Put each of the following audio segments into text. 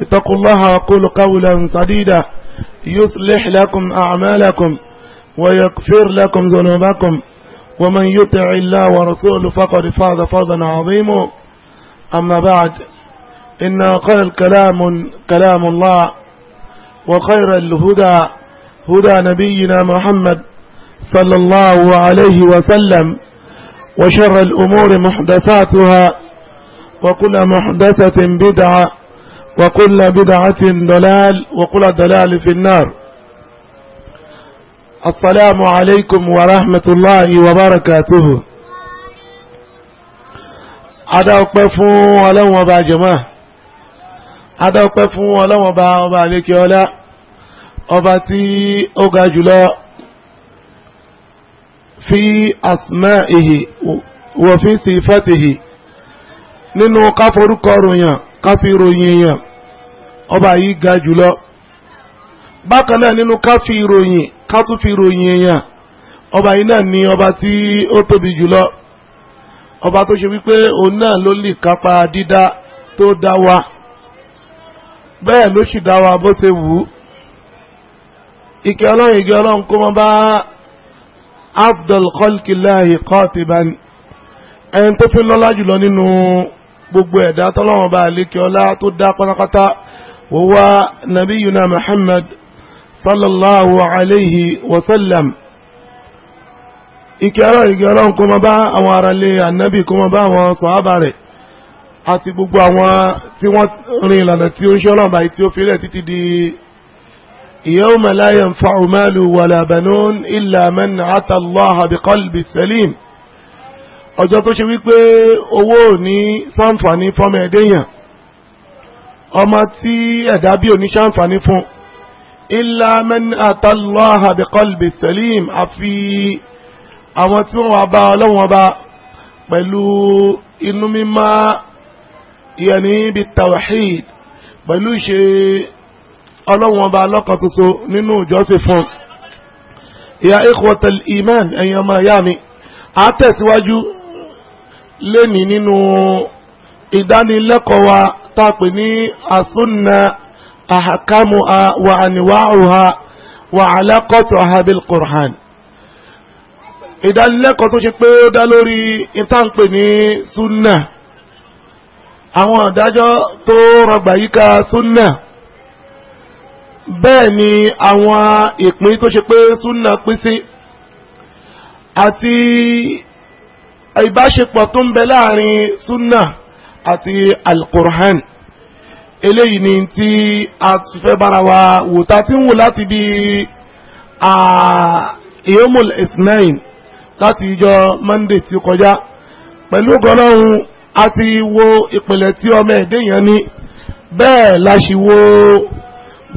اتقوا الله وقولوا قولا سديدا يصلح لكم أعمالكم ويغفر لكم ذنوبكم ومن يطع الله ورسوله فقد فاز فوزا عظيما أما بعد إن قال الكلام كلام الله وخير الهدى هدى نبينا محمد صلى الله عليه وسلم وشر الأمور محدثاتها وكل محدثة بدعة وكل بدعة ضلال وكل ضلال في النار السلام عليكم ورحمة الله وبركاته adáwọ̀pẹ́ fún ọlọ́wọ̀n ọba jẹ̀mọ́ adáwọ̀pẹ́ fún ọlọ́wọ̀n ọba ọba àlékè ọlá ọba tí ó ga jùlọ fi asma'ihi wa fi sifatihi nínú káforúkọ ròyìn Kafiro èèyàn ọba yìí ga jùlọ bákan náà nínú káfíìròyìn kátúfìròyìn èèyàn ọba yìí náà ni ọba tí ó tóbi jùlọ ọba tó ṣe wípé òun náà ló lè kápá dídá tó dá wa bẹ́ẹ̀ ló sì dá wa bó ṣe wù ú ìkẹ́ ọlọ́run ìgẹ́ ọlọ́run kó mọ́ bá abdul khalkilahi kọ́ọ̀tì bá ní ẹni tó fi lọ́lá jùlọ nínú gbogbo ẹ̀dá tọ́lọ́wọ́n bá lékè ọlá tó dá pátápátá wọ́n wá nabiyuna muhammad sallallahu alayhi wa sallam ìkẹ́rọ̀ ìgẹ́rọ̀ kó máa bá àwọn aráalé ànábì kó máa bá àwọn sọ̀hábà rẹ̀ àti gbogbo àwọn tí wọ́n rin ìlànà tí ó ń ṣe ọlọ́mọba tí ó fi lẹ̀ títí di yawma la yanfa'u malu wala banun illa man ata Allaha biqalbi salim ọjọ́ tó ṣe wípé owó ò ní sàǹfààní fọmọ ẹ̀dẹ́yàn ọmọ tí ẹ̀dá bí ò ní sàǹfààní fún illa man atallaha biqalbi salim àfi àwọn tí wọ́n wá bá ọlọ́wọ́n bá pẹ̀lú inú mímọ́ yẹni bi tawhid pẹ̀lú ìṣe ọlọ́wọ́n bá lọ́kan ṣoṣo nínú ìjọsìn fún ya ikhwatal iman ẹ̀yin ọmọ ìyá mi àátẹ̀síwájú lẹ́ni nínú ìdánilẹ́kọ̀ọ́ wa tá a pè ní àsúnà àhàkámu wa àníwáhùhà wa alákọ̀tù àhàbíl qur'an ìdánilẹ́kọ̀ọ́ tó ṣe pé ó dá lórí ìtànpè ní súnà àwọn ìdájọ́ tó rọgbà yíká súnà bẹ́ẹ̀ ni àwọn ìpín tó ṣe pé súnà pín sí àti ìbáṣepọ̀ tó ń bẹ láàrin sunna àti alukur'an eléyìí ni tí a fẹ́ bára wa wò tá a ti ń wò láti bí iyomul isnain láti ìjọ monday tí ó kọjá pẹ̀lú gọlọ́run a ti wo ìpìlẹ̀ tí ọmọ ẹ̀dẹ́ yẹn bẹ́ẹ̀ la sì wo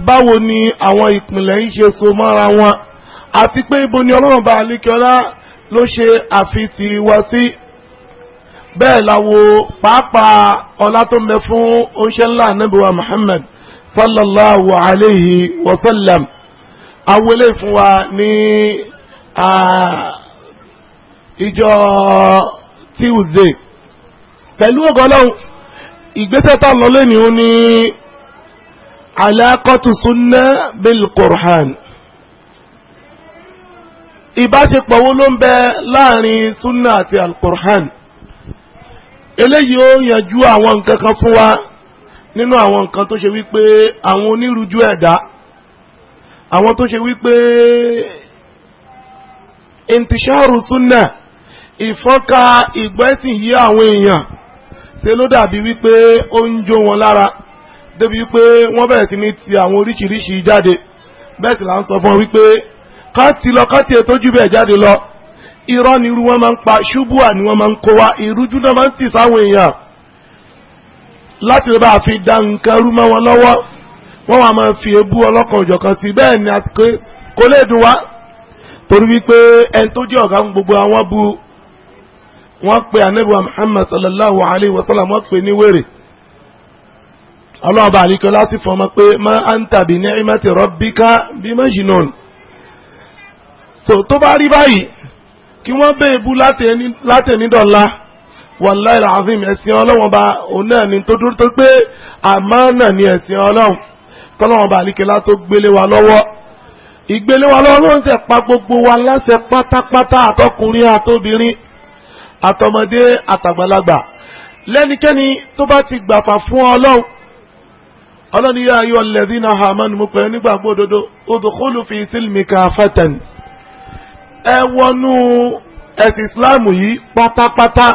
báwo ni àwọn ìpìlẹ̀ ń ṣe so mọ́ra wọn àti pé ibo ni ọlọ́run bá alékeọlá ló ṣe àfitiwọ́ sí bẹ́ẹ̀ làwo pàápàá ọlá tó ń bẹ fún oúnjẹ ńlá anábìwá Muhammad sallallahu alayhi wa sallam awele fún wa ní ìjọ Tuesday pẹ̀lú ọgọ́lọ́hùn ìgbésẹ̀ tá a lọ lẹ́nu ní alákọ̀tù sunna bil Qur'an ìbáṣepọ̀ wo ló ń bẹ láàrin sunna àti alqur'an eléyìí ó yanjú àwọn nǹkan kan fún wa nínú àwọn nǹkan tó ṣe wípé àwọn onírújú ẹ̀dá àwọn tó ṣe wípé intisharu sunna ìfọ́nká ìgbẹ́sìn yí àwọn èèyàn ṣe ló dàbí wípé ó ń jó wọn lára débi wípé wọ́n bẹ̀rẹ̀ sí ní ti àwọn oríṣiríṣi jáde bẹ́ẹ̀ sì là ń sọ fún wípé ká ti lọ ká ti ètòjú bẹ́ẹ̀ jáde lọ irọ́ ni irú wọn máa ń pa ṣubúà ni wọ́n máa ń kó wa ìrújú náà máa ń tì sáwọn èèyàn láti lè bá a fi da nǹkan rú mọ́ wọn lọ́wọ́ wọ́n wá máa fi ebú ọlọ́kan òjọ̀kan sí bẹ́ẹ̀ ni kò lè dùn wá torí wípé ẹni tó jẹ́ ọ̀gá gbogbo àwọn bu wọ́n pe anabiwa Muhammad sallallahu alayhi wa sallam wọ́n pe ní wèrè ọlọ́ọ̀bà àríkọ́ láti fọmọ pé ma anta bi ni'mati rabbika bi majnun so tó bá rí báyìí kí wọ́n bẹ́ẹ̀ bú látẹ̀ní dọ̀la wàláì làásìm ẹ̀sìn ọlọ́wọ́n bá òun náà ni tó dúró tó pé àmánà ni ẹ̀sìn ọlọ́wọ́n tọ́lọ́wọ́n bá àlíkẹ́lá tó gbélé wa lọ́wọ́ ìgbélé wa lọ́wọ́ ló ń tẹ̀ pa gbogbo wa láṣẹ pátápátá àtọkùnrin àtobìnrin àtọmọdé àtàgbàlagbà lẹ́nikẹ́ni tó bá ti gbàfà fún ọlọ́run ọlọ́run yóò ayọ̀ lẹ́dínà hàmánù mú pẹ̀lú nígbàgbọ́ òdodo odòkólù fi sílmì káfẹ́tẹ̀ni ẹ wọnú ẹ̀sìn islam yìí pátápátá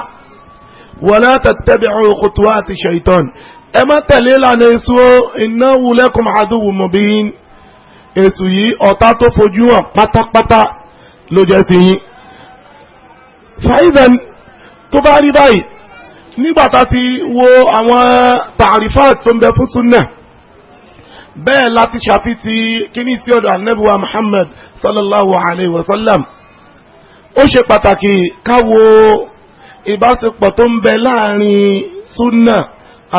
wala tattabi'u khutuwati shaitan ẹ má tẹ̀lé ìlànà èṣù innahu lakum aduwwun mubin èṣù yìí ọ̀tá tó fojú hàn pátápátá ló jẹ́ sí yín. fàìzàn tó bá rí báyìí nígbà tá a ti wo àwọn tàrífà tó ń bẹ fún súnà bẹ́ẹ̀ láti ṣàfihàn kíní sí ọ̀dọ̀ ànábì wa sallallahu alayhi wa sallam ó ṣe pàtàkì káwo ìbáṣepọ̀ tó ń bẹ láàrin súnà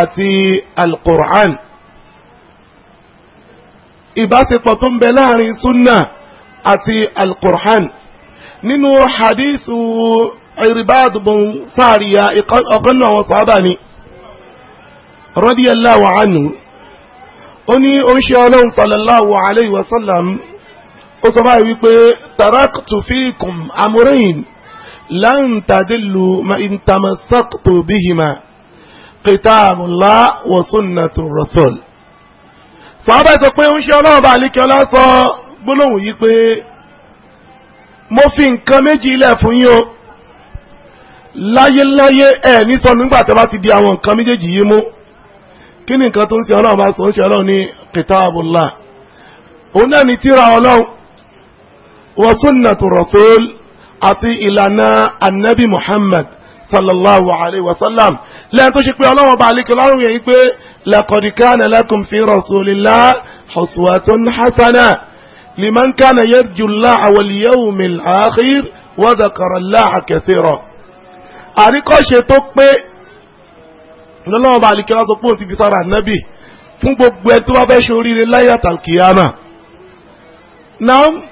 àti alukur'an ìbáṣepọ̀ tó ń bẹ láàrin súnà àti alukur'an nínú hadithu Irbad bin Sariya ọ̀kan náà wọn sábà ni radiyallahu anhu ó ní ó ọlọ́run sallallahu alayhi ó sọ báyìí wípé taraktu fikum amrayn lan tadillu ma in tamassaktu bihima kitabullah wa sunnatu rasul. sọ́ọ́bà sọ pé ń ṣe ọlọ́run bá àlíkẹ́ ọlá sọ gbólóhùn yìí pé mo fi nǹkan méjì ilẹ̀ fún yín o láyéláyé ẹ ní sọnù nígbà tí a bá ti di àwọn nǹkan méjèèjì yìí mú kí ni nǹkan tó ń ṣe ọlọ́run sọ ń ṣe ọlọ́run ní kitabullah òun náà ni tírà ọlọ́run وسنة الرسول أتي إلى النبي محمد صلى الله عليه وسلم لا تشكوا الله وبعليك الله يعيكوا لقد كان لكم في رسول الله حسوة حسنة لمن كان يرجو الله واليوم الآخر وذكر الله كثيرا أريكو شتوك بي الله وبعليك الله تقول في بصار النبي فنبو بيتوا بشوري لله يتالكيانا نعم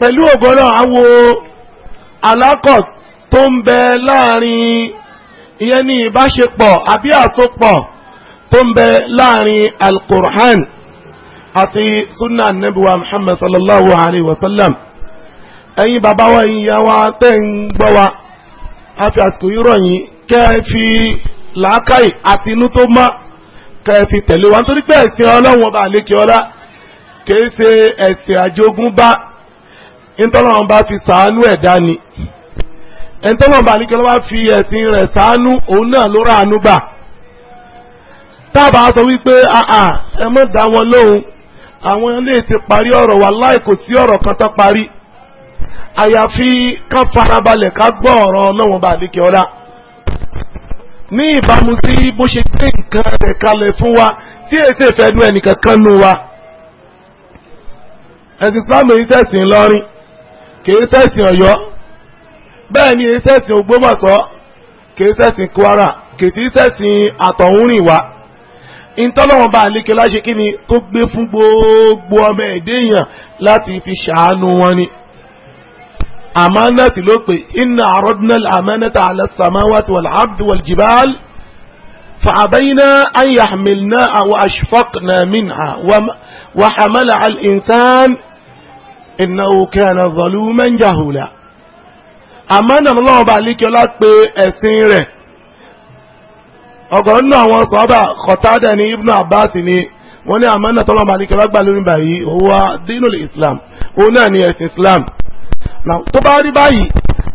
pẹ̀lú ògbọ́nà àwo alákọ̀ tó ń bẹ láàrin ìyẹn ní ìbáṣepọ̀ àbí àsopọ̀ tó ń bẹ láàrin al-Qur'an àti sunna anabiwa Muhammad sallallahu alayhi wa sallam ẹ̀yin bàbá wa ìyá wa tẹ́ ń gbọ́ wa a fi àsìkò yìí ròyìn kẹ́ ẹ fi làákàyè àti inú tó mọ́ kẹ́ ẹ fi tẹ̀lé wa nítorí pé ẹ̀sìn ọlọ́run ọba àlékè ọlá kìí ṣe ẹ̀sìn àjogúnbá ntọ́lọ́wọ́n bá fi sàánú ẹ̀dá ni ntọ́lọ́wọ́n bá nìkan ló bá fi ẹ̀sìn rẹ̀ sàánú òun náà ló ràánú gbà tábà sọ wípé àà ẹ mọ̀ dá wọn lóhùn àwọn ilé ti parí ọ̀rọ̀ wa láì kò sí ọ̀rọ̀ kan tó parí àyàfi ká farabalẹ̀ ká gbọ́ ọ̀rọ̀ ọlọ́wọ́n bá nìkan ọ̀la ní ìbámu sí bó ṣe gbé nǹkan rẹ̀ kalẹ̀ fún wa tí èsì ìfẹ́ nu ẹnìkan kan nu wa ẹ̀sìn Islam yìí tẹ̀sìn lọ́rin. kìí sẹ́sìn ọ̀yọ́ bẹ́ẹ̀ ni èyí sẹ́sìn ògbómọ̀ṣọ́ kìí sẹ́sìn kwara kìí sẹ́sìn àtọ̀húnrìn wa ìtọ́lọ́wọ́n bá àlékè láṣẹ kí ni tó gbé fún gbogbo ọmọ ẹ̀dẹ́ èèyàn láti fi ṣàánú wọn ni àmánàtì ló pè inna àròdúnà àmánàtà ala samawati wal ardi wal jibal فأبينا أن يحملناها وأشفقنا منها وحملها الإنسان innahu kana zaluman jahula àmọ́nà ọlọ́run bá líkíọ́lá pé ẹ̀sìn rẹ̀ ọ̀gọ̀rọ̀ nínú àwọn sọ́ọ́bà Qatada ní Ibn Abbas ni wọ́n ní àmọ́nà tọ́lọ́run bá líkíọ́lá gbà lórí báyìí huwa dinul Islam òun náà ni ẹ̀sìn Islam tó bá rí báyìí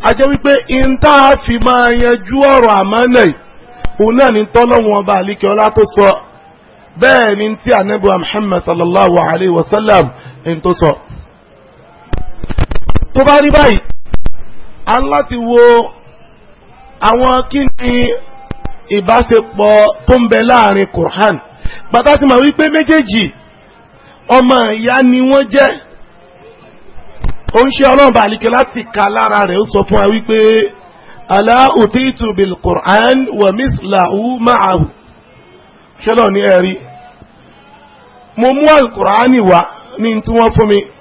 a jẹ́ wípé ìntà fi máa yanjú ọ̀rọ̀ àmọ́nà yìí òun náà ni tọ́lọ́wọ́n bá líkíọ́lá tó sọ bẹ́ẹ̀ ni ti ànábì Muhammad sallallahu alayhi wa sallam ń tó sọ tó bá rí báyìí a ń láti wo àwọn kí ni ìbáṣepọ̀ tó ń bẹ láàrin Qur'an pàtàkì màá wípé méjèèjì ọmọ ìyá ni wọ́n jẹ́ ó ń ṣe ọlọ́run bàlíkẹ́ láti ka lára rẹ̀ ó sọ fún wa wípé ala utitu bil Qur'an wa mislahu ma'ahu ṣẹlọ ní ẹ̀rí mo mú al wá ní tí wọ́n fún mi.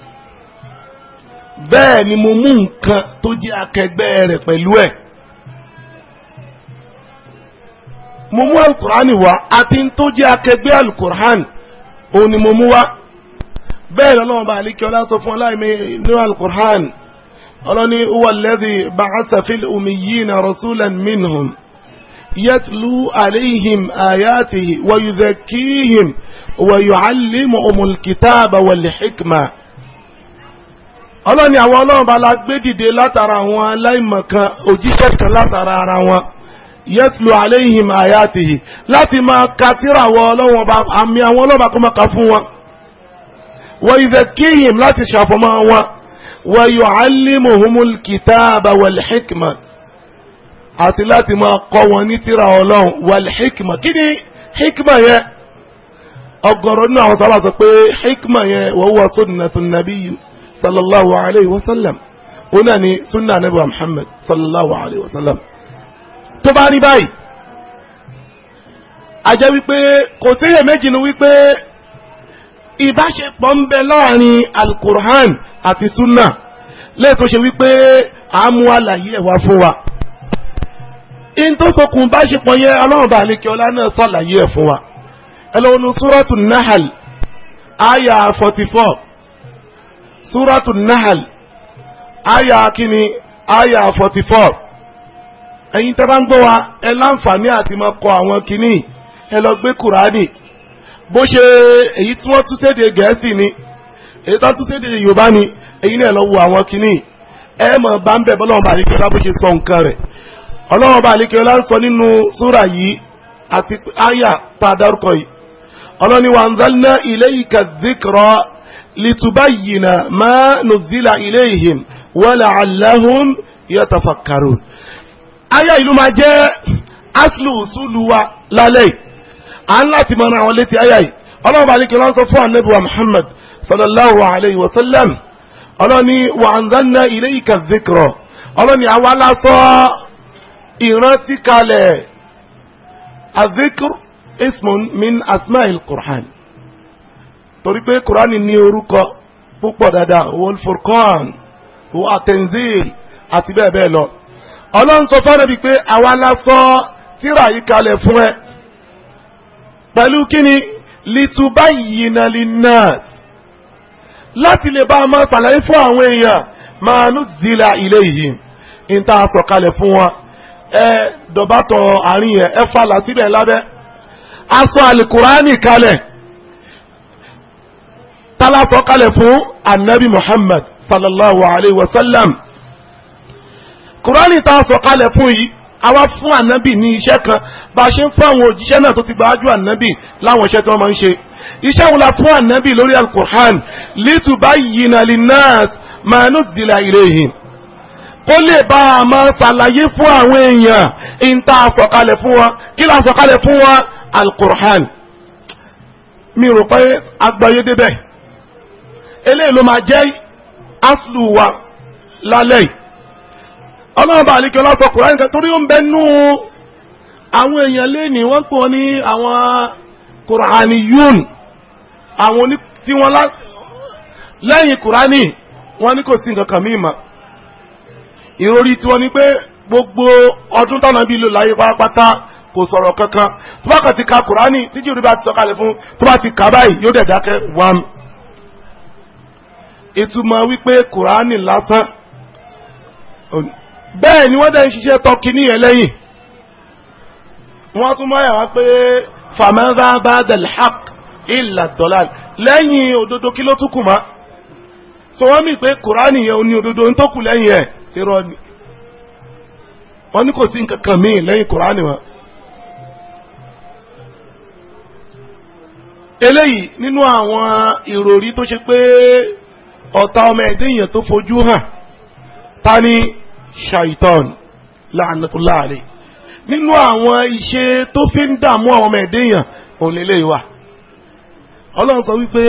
bẹ́ẹ̀ ni mo mú nǹkan tó jẹ́ akẹgbẹ́ rẹ̀ pẹ̀lú ẹ̀. mo mú alukurani wá àti tó jẹ́ akẹgbẹ́ alukurani òun ni mo mú wá. bẹ́ẹ̀ ni lọ́lọ́run bá alikẹ́ ọlá sọ fún ọláìmí ní alukurani ọlọ́ni wà lẹ́dí huwa alladhi ba'atha fil ní rasulan minhum yatlu alayhim ayatihi wa yudhakkihim wa yu'allimuhumul kitaba wal hikma. ọlọ́run ni àwọn ọlọ́run bá la gbé dìde látara àwọn aláìmọ̀kan òjíṣẹ́ kan látara ara wọn yẹtulu aléyìn àyà tèyí láti máa ka tírà àwọn ọlọ́run ọba àmì àwọn ọlọ́run bá kọ́ máa ka fún wọn wọ́n ìfẹ́ kíyìn láti ṣàfọmọ́ wọn wọ́n yọ alimuhumul kitaaba wal hikma àti láti máa kọ́ wọn ní tírà ọlọ́run wal hikma kí ni hikma yẹn ọ̀gọ̀rọ̀ nínú àwọn sábà sọ pé hikma yẹn wọ́n wọ́n sódìnnà tó nàbí yìí. صلى الله عليه وسلم. ó سنة نبي محمد صلى الله عليه وسلم. wa باي. tó bá rí báyìí a jẹ́ wípé kò séyè méjì ni wípé ìbáṣepọ̀ ń bẹ láàrin alukur'an àti sunna lẹ́ẹ̀tọ́ ṣe wípé a mú àlàyé ẹ̀ wá fún wa in tó sokùn báṣepọ̀ yẹn ọlọ́run bá lè kí ọlá náà sàlàyé ẹ̀ fún wa ẹ ní súrọ́tù nahal aya forty four suratu nahal aya kini aya 44. four ẹ̀yin tẹ́ bá ń gbọ́ wa ẹ láǹfààní àti máa kọ àwọn kìíní ẹ lọ gbé kùránì bó ṣe èyí tí wọ́n tún séde gẹ̀ẹ́sì ni èyí tó tún séde yorùbá ni èyí náà lọ wo àwọn kìíní ẹ mọ̀ bá ń bẹ̀ bọ́lọ́wọ́n bá àlékè ṣe sọ nǹkan rẹ̀ ọlọ́wọ́n bá àlékè ń sọ nínú súrà yìí àti aya tá a yìí ọlọ́ni wa anzalna ilayka dhikra litubayyina ma nuzila ilayhim wa la'allahum yatafakkarun aya ìlú máa jẹ́ aslu usulu wa lálẹ́ à ń láti mọ àwọn létí aya yìí ọlọ́run bá nìkan lọ́sọ fún anabi wa muhammad sallallahu alayhi wa sallam ọlọ́ni wa anzalna ilayka dhikra ọlọ́ni àwa lásọ ìrántí kalẹ̀ azikr ismun min asma'il qur'an torí pé kúránì ní orúkọ púpọ̀ dáadáa wal furqan wa tenzil àti bẹ́ẹ̀ bẹ́ẹ̀ lọ ọlọ́run sọ fún ẹbí pé àwa la sọ tírà yìí kalẹ̀ fún ẹ pẹ̀lú kíni litubayyina linnas láti lè bá a máa ṣàlàyé fún àwọn èèyàn ma nuzzila ilayhim ń tá a sọ kalẹ̀ fún wọn ẹ dọ̀bátọ̀ àárín yẹn ẹ falà síbẹ̀ lábẹ́ a àlùkùránì kalẹ̀ tala sọ̀kalẹ̀ fún anabi muhammad sallallahu alayhi wa sallam kùránì tá a sọ̀kalẹ̀ fún yìí a wá fún anabi ní iṣẹ́ kan bá a ṣe ń fún àwọn òjíṣẹ́ náà tó ti gbájú anabi láwọn iṣẹ́ tí wọ́n máa ń ṣe iṣẹ́ wọn fún anabi lórí alukur'an litubayyina linnas ma nuzzila ilayhim kó lè bá a máa ṣàlàyé fún àwọn èèyàn ìta àsọ̀kalẹ̀ fún wọn kí la sọ̀kalẹ̀ fún wọn alukur'an mi rò pé agbáyé débẹ̀ eléyìí ló máa jẹ́ aslu wa lálẹ́ yìí ọlọ́run bá àlekẹ́ ọlọ́fọ̀ kùránì kan torí ó ń bẹ nú àwọn èèyàn léèní wọ́n pè wọ́n ní àwọn kùránì yún àwọn oní tí wọ́n lá lẹ́yìn kùránì wọ́n ní kò sí nǹkan kan mí mọ́ ìròrí tí wọ́n ní pé gbogbo ọdún táwọn bí lò láyé pátápátá kò sọ̀rọ̀ kankan tó bá kàn ti ka kùránì tíjú rí bá ti sọ̀kalẹ̀ fún tó bá ti kà báyìí yóò dẹ̀ dákẹ́ wàmù ìtumọ̀ wípé kùránì lásán bẹ́ẹ̀ ni wọ́n dẹ̀ ń ṣiṣẹ́ tọ́kì níyẹn lẹ́yìn wọ́n tún mọ̀ yàrá pé famadha ba'da al-haqq illa ad-dalal lẹ́yìn òdodo kí ló tún kù mọ́ so wọ́n mì pé kùránì yẹn ò ní òdodo ń tó lẹ́yìn ẹ̀ irọ́ ni wọ́n ní kò sí nǹkan míì lẹ́yìn kùránì wọn. eléyìí nínú àwọn ìròrí tó ṣe pé ọ̀tá ọmọ ẹ̀dẹ́ èèyàn tó fojú hàn ta ni shaitan la'natullah alayh nínú àwọn iṣẹ́ tó fi ń dààmú àwọn ọmọ ẹ̀dẹ́ èèyàn òun lélẹ̀ ìwà ọlọ́run sọ wípé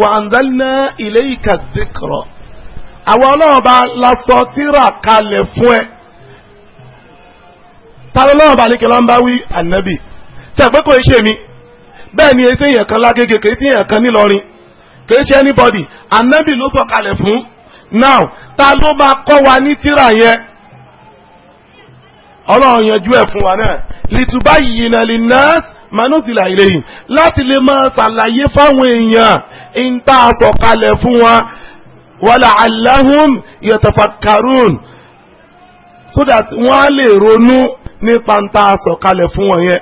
wa anzalna ilayka dhikra àwọn ọlọ́run bá lasọ tíra kalẹ̀ fún ẹ tàbí ọlọ́run bá lékelá ń bá wí ànábì tẹ̀ pé kò ṣe mi bẹ́ẹ̀ ni etí èèyàn kan lágége kò etí kan nílọrin kìí ṣe anybody anabi ló sọ̀kalẹ̀ fún now ta ló máa kọ́ wa ní tíra yẹn ọlọ́run yanjú ẹ̀ fún wa náà lìtúbá yìí nà lè nà manusila ilayhim láti lè máa ṣàlàyé fáwọn èèyàn ń tá a sọ̀kalẹ̀ fún wa wàlà aláhùn yatafakkarun so that wọ́n á lè ronú nípa ń tá a sọ̀kalẹ̀ fún wọn yẹn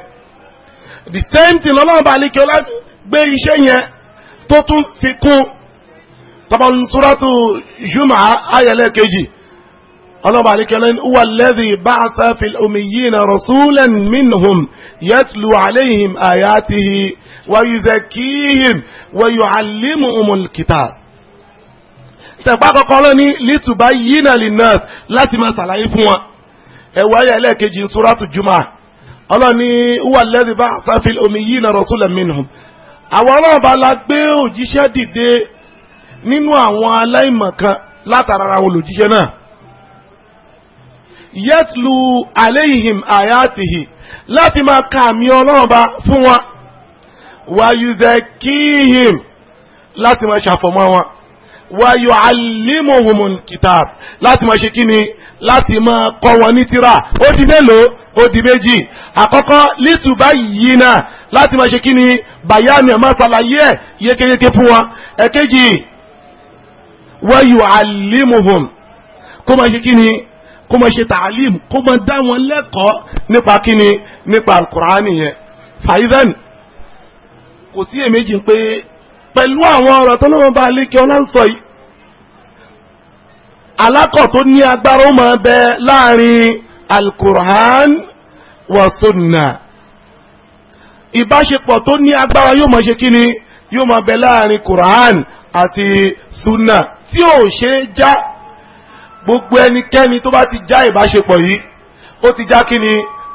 the same thing ọlọ́run bá lè kí ọlá gbé iṣẹ́ yẹn tó tún fi kún tọ́ba nṣúrọ́tù yúmọ̀ ayẹlẹ́ kejì ọlọ́ba àlekẹ́lẹ́ ní wà lẹ́dí báàtà fi omi yìí na rọ̀súlẹ̀n mìnhùn yẹtùlù àlẹ́yìn àyàtìhì wàyùzẹ̀kìhìn wàyùhàlímù ọmọlùkìtà tẹ̀pá kọ́kọ́ lọ ní lítùbá yìí na linnas láti máa ṣàlàyé fún wọn ẹ̀wọ̀ ayẹlẹ́ kejì nṣúrọ́tù jùmọ̀ ọlọ́ni wà lẹ́dí báàtà fi omi yìí na rọ̀súlẹ̀n mìnhùn àwọn ọlọ́run bá la gbé òjíṣẹ́ dìde nínú àwọn aláìmọ̀kan látara àwọn olùjíṣẹ́ náà yẹtlu aléhìhìm àyàtìhì láti máa ka àmì ọlọ́run bá fún wọn wàyùzẹ̀kíhìm láti máa ṣàfọ̀mọ́ wọn wa yu'allimuhumul kitab láti máa ṣe kíni láti máa kọ́ wọn ní tírà ó di mélòó ó di méjì àkọ́kọ́ litubayyina láti máa ṣe kíni bàyánì ẹ̀ máa ṣàlàyé ẹ̀ yékéyéké fún wọn ẹ̀kejì wa yu'allimuhum kó máa ṣe ni kó máa ṣe tààlim kó máa dá wọn lẹ́kọ̀ọ́ nípa kíni nípa alukur'ani yẹn fàyídẹ́nì kò sí èméjì pé pẹ̀lú àwọn ọ̀rọ̀ tó lọ́wọ́ bá lékè ọlá ń sọ yìí alákọ̀ tó ní agbára ó máa bẹ láàrin alukur'an wa sunna ìbáṣepọ̀ tó ní agbára yóò máa ṣe kí ni yóò máa bẹ láàrin kur'an àti sunna tí ò ṣe é já gbogbo ẹnikẹ́ni tó bá ti já ìbáṣepọ̀ yìí ó ti já kí ni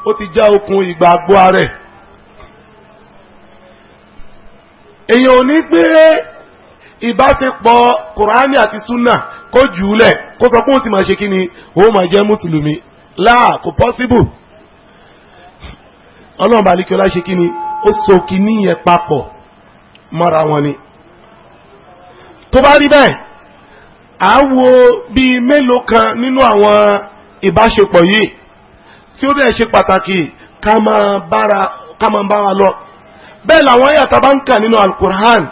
ó ti já okùn ìgbàgbọ́ rẹ̀ èèyàn ò ní gbé ìbáṣepọ̀ kùránì àti súnà kó jù ú lẹ̀ kó sọ pé ó ti máa ṣe kí ni ó máa jẹ́ mùsùlùmí láà kò pọ́síbù ọlọ́run bá alikiola ṣe kí ni ó so kíní yẹn papọ̀ mọ́ra wọn ni tó bá rí bẹ́ẹ̀ à wo bíi mélòó kan nínú àwọn ìbáṣepọ̀ yìí tí ó dẹ̀ ṣe pàtàkì ká máa bá wa lọ bẹ́ẹ̀ làwọn ayàtà bá ń kà nínú alukur'an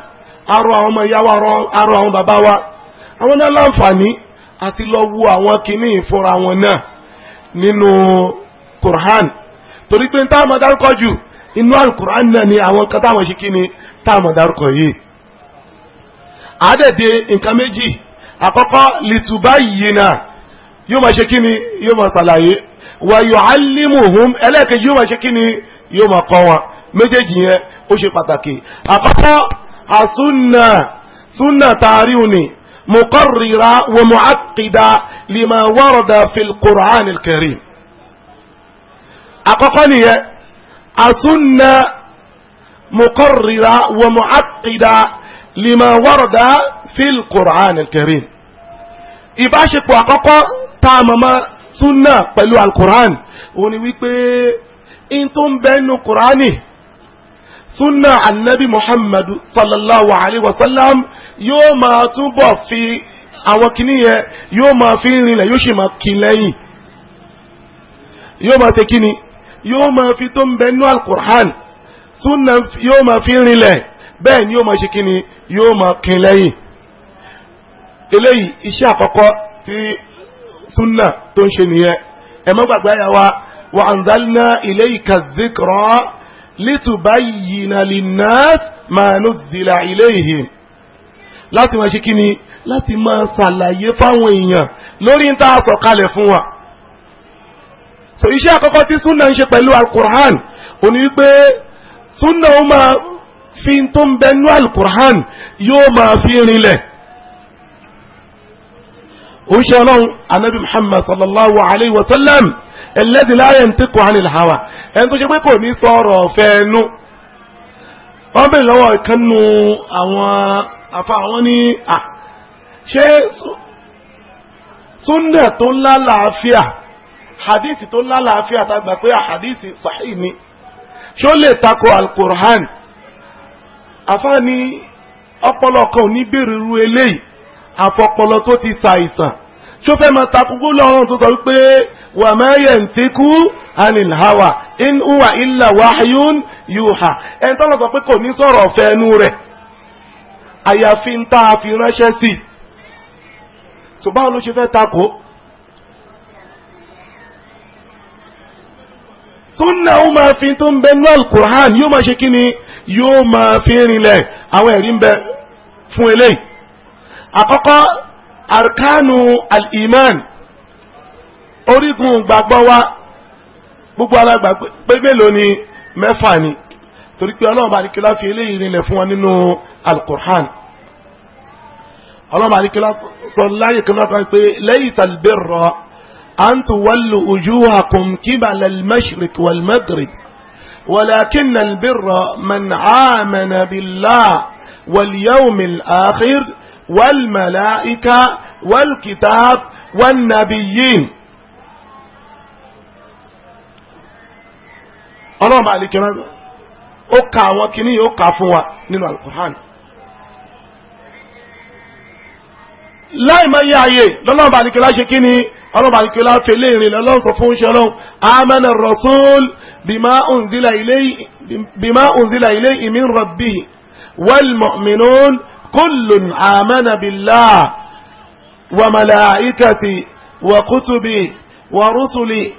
arọ àwọn ọmọ ìyá wa arọ àwọn bàbá wa àwọn náà láǹfààní àti lọ wo àwọn kìíní ìfúnra wọn náà nínú kur'an torí pé táwọn ọmọ dárúkọ jù inú alukur'an náà ni àwọn kan táwọn ṣe kíni táwọn ọmọ dárúkọ yìí àádẹ́dẹ́ nǹkan méjì àkọ́kọ́ lìtùbá yìí náà yóò máa ṣe kíni yóò máa ṣàlàyé wàyọ̀ alímùhùn ẹlẹ́ẹ̀kejì yóò máa ṣe kíni yóò máa kọ́ wọn méjèèjì yẹn ó ṣe pàtàkì àkọ́kọ́ àsúnà súnà tààríù ni mùkọ́rìrà wọ mùákìdá lima wọ́rọ̀dà fìlkùrán kẹrì àkọ́kọ́ nìyẹn àsúnà mùkọ́rìrà wọ mùákìdá lima wọ́rọ̀dà fìlkùrán kẹrì ìbáṣepọ̀ àkọ́kọ́ tá a mọ̀mọ́ súnà pẹ̀lú alkùrán òun wípé in tó súnà ànábì Muhammad sallallahu alayhi wa sallam yóò máa túbọ̀ fi àwọn kìíní yẹn yóò máa fi rinlẹ̀ yóò sì máa kì lẹ́yìn yóò máa tẹ kíni yóò máa fi tó ń bẹ nú alukur'an súnà yóò máa fi rinlẹ̀ bẹ́ẹ̀ ni yóò máa ṣe kíni yóò máa kì lẹ́yìn eléyìí iṣẹ́ àkọ́kọ́ tí súnà tó ń ṣe nìyẹn ẹ má gbàgbé àyà wa wa anzalna ilayka dhikra litubayyina linnas ma nuzila ilayhim láti máa ṣe kí ni láti máa ṣàlàyé fáwọn èèyàn lórí ń tá a sọ̀kalẹ̀ fún wa. so iṣẹ́ àkọ́kọ́ tí súnà ń ṣe pẹ̀lú alukur'an òní wípé súnà ó máa fi tó ń bẹnu alukur'an yóò máa fi rinlẹ̀ òun ṣe ọlọ́run anabi muhammad sallallahu alayhi wa sallam alladhi la yantiqu anil hawa ẹni tó ṣe pé kò ní sọ̀rọ̀ ọ̀fẹ́ nu wọ́n bèèrè lọ́wọ́ ìkànnù àwọn afa àwọn ní à ṣé súnà tó lálàáfíà hadith tó lálàáfíà tá a gbà pé hadith sahih ni ṣé ó lè takò alukur'an afa ní ọpọlọ kan ò ní bèrè irú eléyìí àfọpọlọ tó ti ṣàìsàn ṣó fẹ́ máa takúkú lọ́rùn tó sọ wípé wa ma yantiku anil hawa in huwa illa wahyun yuha ẹni tó lọ sọ pé kò ní sọ̀rọ̀ fẹ́nu rẹ̀ àyàfi ń tá a fi ránṣẹ́ sí i ṣùgbọ́n ló ṣe fẹ́ takò. súnà ó máa fi tó ń bẹ ní alukur'an yóò máa ṣe kí ni yóò máa fi rinlẹ̀ àwọn ẹ̀rí ń bẹ fún eléyìí. àkọ́kọ́ arkanu al-iman orígun gbàgbọ́ wa gbogbo gbagbo pé melo ni mẹ́fà ni torí pé ọlọ́run bá ní fi eleyi ni le fún wọn nínú al-qur'an ọlọ́run bá ní kí láfi sọ láyé kan ba pé laysa al-birra an tuwallu wujuhakum qibala al-mashriq wal-maghrib ولكن البر من man بالله واليوم الآخر والملائكة والكتاب والنبيين ọlọ́run bá àlekè máa ó ka àwọn kìíní yìí ó kà fún wa nínú alukur'an láì máa yé ààyè lọ́lọ́run bá àlekè láṣẹ kíni ọlọ́run bá àlekè láṣẹ fèlè ìrìn lọ́lọ́run sọ fún ṣẹlọ́n amana rasul bima unzila ilay bima unzila ilay min rabbihi wal mu'minun. كل آمن بالله وملائكتي وكتبي ورسلي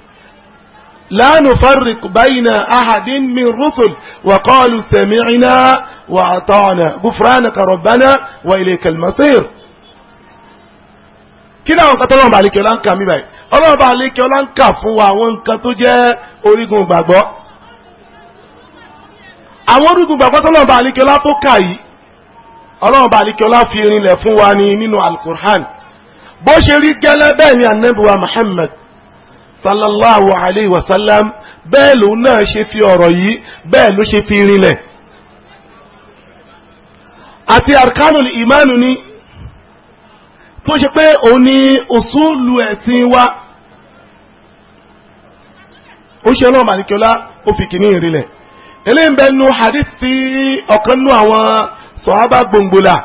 لا نفرق بين أحد من رسل وقالوا سمعنا وأطعنا غفرانك ربنا وإليك المصير كنا وقت الله عليك يولان كامي باي الله عليك يولان كافوا وان كتجا أريكم بابا أريكم بابا الله عليك يولان تو كاي ọlọ́run bá alikiola fi rinlẹ̀ fún wa ní nínú alukur'an bó ṣe rí gẹ́lẹ́ bẹ́ẹ̀ ni anabiwa muhammad sallallahu alayhi wa sallam bẹ́ẹ̀ lòun náà ṣe fi ọ̀rọ̀ yìí bẹ́ẹ̀ ló ṣe fi rinlẹ̀ àti arkanul imanu ni tó ṣe pé òun ni òṣùlù ẹ̀sìn wa ó ṣe ọlọ́run bá alikiola ó fi kìíní ìrìnlẹ̀ eléyìí ń bẹ nu hadith tí ọ̀kan nu àwọn sọ̀hábà gbòǹgbòlà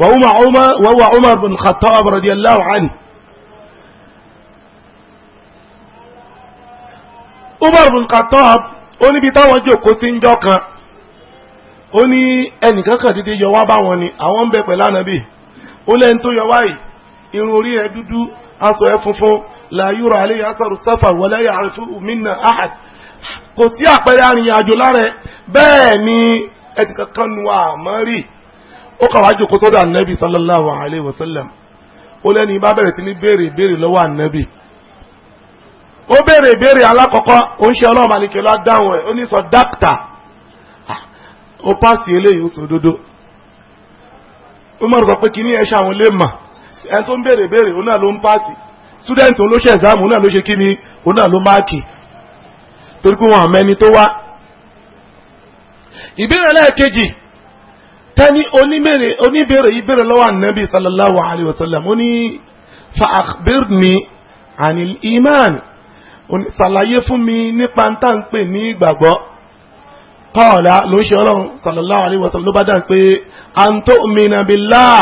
wa Umar wa wa Umar bin Khattab radiyallahu anhu. Umar bin Khattab ó níbi táwọn jókòó sí ń jọ kan ó ní ẹnìkan kan dídí yọ wá báwọn ni àwọn ń bẹ pẹ̀lú ànábì ó lẹ́ni tó yọ wáyìí irun orí ẹ dúdú aṣọ ẹ funfun la yura alayhi asaru safar wa la ya'rifu kò sí àpẹẹrẹ arìnrìnàjò lára bẹ́ẹ̀ ni ẹnì kankan nu àmọ́ rí ó kà wá jókòó sọ́dọ̀ ànábì sallallahu alayhi wa sallam ó lẹ́ni bá bẹ̀rẹ̀ sí ní béèrè ìbéèrè lọ́wọ́ ànábì ó béèrè ìbéèrè alákọ̀ọ́kọ́ ó ń ṣe ọlọ́run àníkẹ́lá dáhùn ẹ̀ ó ní sọ dáktà ah, ó pàṣẹ eléyìí ó sọ òdodo umar sọ pé kí ní ẹṣẹ àwọn lè mà ẹni tó ń béèrè béèrè òun náà ló ń pàṣẹ student òun ló ṣe exam òun náà ló ṣe kí ni òun náà ló máàkì torí pé wọn àmẹ́ni tó wá. ìbéèrè lẹ́ẹ̀kejì tani oníbèrè ìbéèrè lọ́wọ́ ànábì sallallahu alayhi wa sallam ó ní fa akhbirni anil iman ṣàlàyé fún mi nípa ń tà ń pè ní ìgbàgbọ́ qala ló ń ṣe ọlọ́run sallallahu alayhi wa sallam ló bá dà pé an tu'mina billah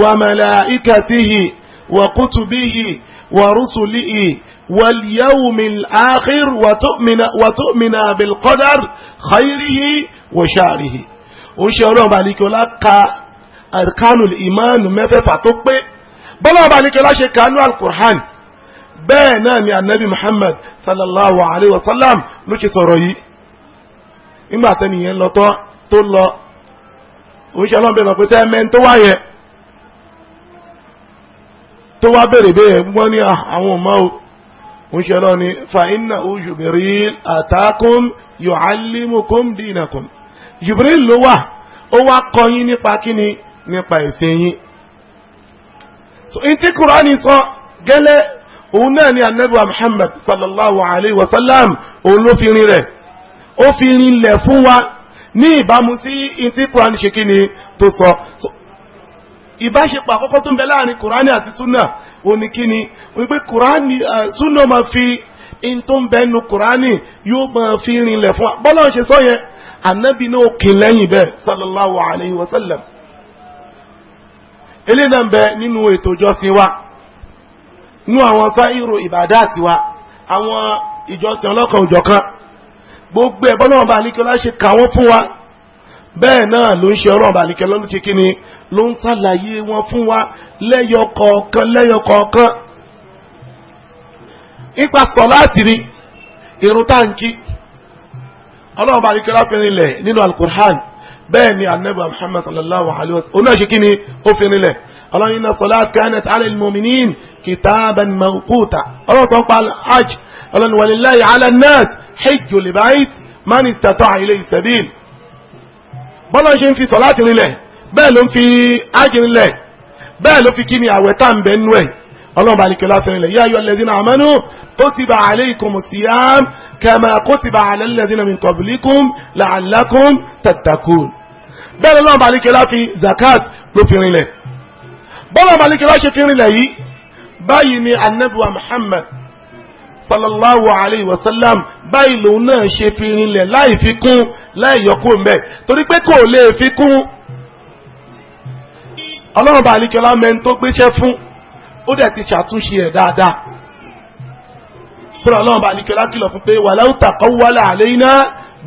wa malaikatihi wa واليوم الآخر وتؤمن, وتؤمن بالقدر خيره وشاره òun ṣe ọlọ́run bá níkẹ́ ọlá ka àrkánù ìmánu mẹ́fẹ̀fà tó pé bọ́lọ́run bá níkẹ́ ọlá ṣe kánú alukur'an bẹ́ẹ̀ náà ni anabi muhammad sallallahu alayhi wa sallam ló ṣe sọ̀rọ̀ yìí nígbà tẹ́nìyẹn lọ́tọ́ tó lọ òun ṣe ọlọ́run bẹ̀rẹ̀ pé tẹ́ẹ̀mẹ́ tó wá yẹ tó wá bèrè bẹ́ẹ̀ gbọ́n ní ah, àwọn ọmọ o ń ṣe lọ ni fàínà ó Jibril àtàkùn yuallimukum dinakum Jibril ló wà ó wá kọ́ yín nípa kíni nípa ẹ̀sìn yín so in ti Kùránì sọ gẹ́lẹ́ òun náà ni anabiwa Muhammad sallallahu alayhi wa sallam òun ló fi rin rẹ̀ ó fi rin lẹ̀ fún wa ní ìbámu sí in ti Kùránì ṣe kíni tó sọ ìbáṣepọ̀ àkọ́kọ́ tó ń bẹ láàrin Kùránì àti súnà oníkíni wípé kùránì súnà máa fi in tó ń bẹ nu kùránì yóò máa fi rinlẹ̀ fún wa bọ́lá ṣe sọ yẹn ànábì náà ó lẹ́yìn bẹ́ẹ̀ sallallahu alayhi wa sallam eléyìí náà ń bẹ nínú ètò ìjọsìn wa nú àwọn sáírò ìbàdá tiwa àwọn ìjọsìn ọlọ́kan òjọ̀kan gbogbo ẹ̀bọ́n náà bá ní ṣe kà fún wa bẹ́ẹ̀ náà ló ń ṣe ọlọ́run bàlíkẹ́ lọ́dún ṣe kíni ló ń ṣàlàyé wọn fún wa lẹ́yọ kọ̀ọ̀kan lẹ́yọ kọ̀ọ̀kan nípa sọ̀láàtì ni irun tá ń kí ọlọ́run bàlíkẹ́ lọ́fẹ́rin lẹ̀ nínú alukur'an bẹ́ẹ̀ ni anabi muhammad sallallahu alayhi wa sallam onáà ṣe kíni ó fi rinlẹ̀ ọlọ́run iná sọ̀láàtì kanat ala al-mu'minin ọlọ́run sọ̀pá bọ́lá ṣe ń fi sọ̀láàtì rinlẹ̀ bẹ́ẹ̀ ló ń fi ájì rinlẹ̀ bẹ́ẹ̀ ló fi kí ni àwẹ̀ tá ń bẹ nú ẹ̀ ọlọ́run bá ní kí ọlá fẹ́rẹ̀ lẹ̀ yá ayọ̀ lẹ́sìn náà amanu kutiba alaykumu siyam kama kutiba ala alladhina min qablikum la'allakum tattaqun. bẹ́ẹ̀ lọ́run bá ní kí fi zakat ló fi rinlẹ̀ bọ́lá ní kí ṣe fi rinlẹ̀ yìí báyìí ni anabiwa muhammad sallallahu alayhi wa sallam báyìí lòun náà ṣe fi rinlẹ̀ láì fi kún láì yọkú mbẹ torí pé kò lè fi kún ọlọ́run bá àlìkẹ́lá mẹ́ni tó gbéṣẹ́ fún ó dẹ̀ ti ṣàtúnṣe ẹ̀ dáadáa fúnra ọlọ́run bá àlìkẹ́lá kìlọ̀ fún pé walau taqawwala alayna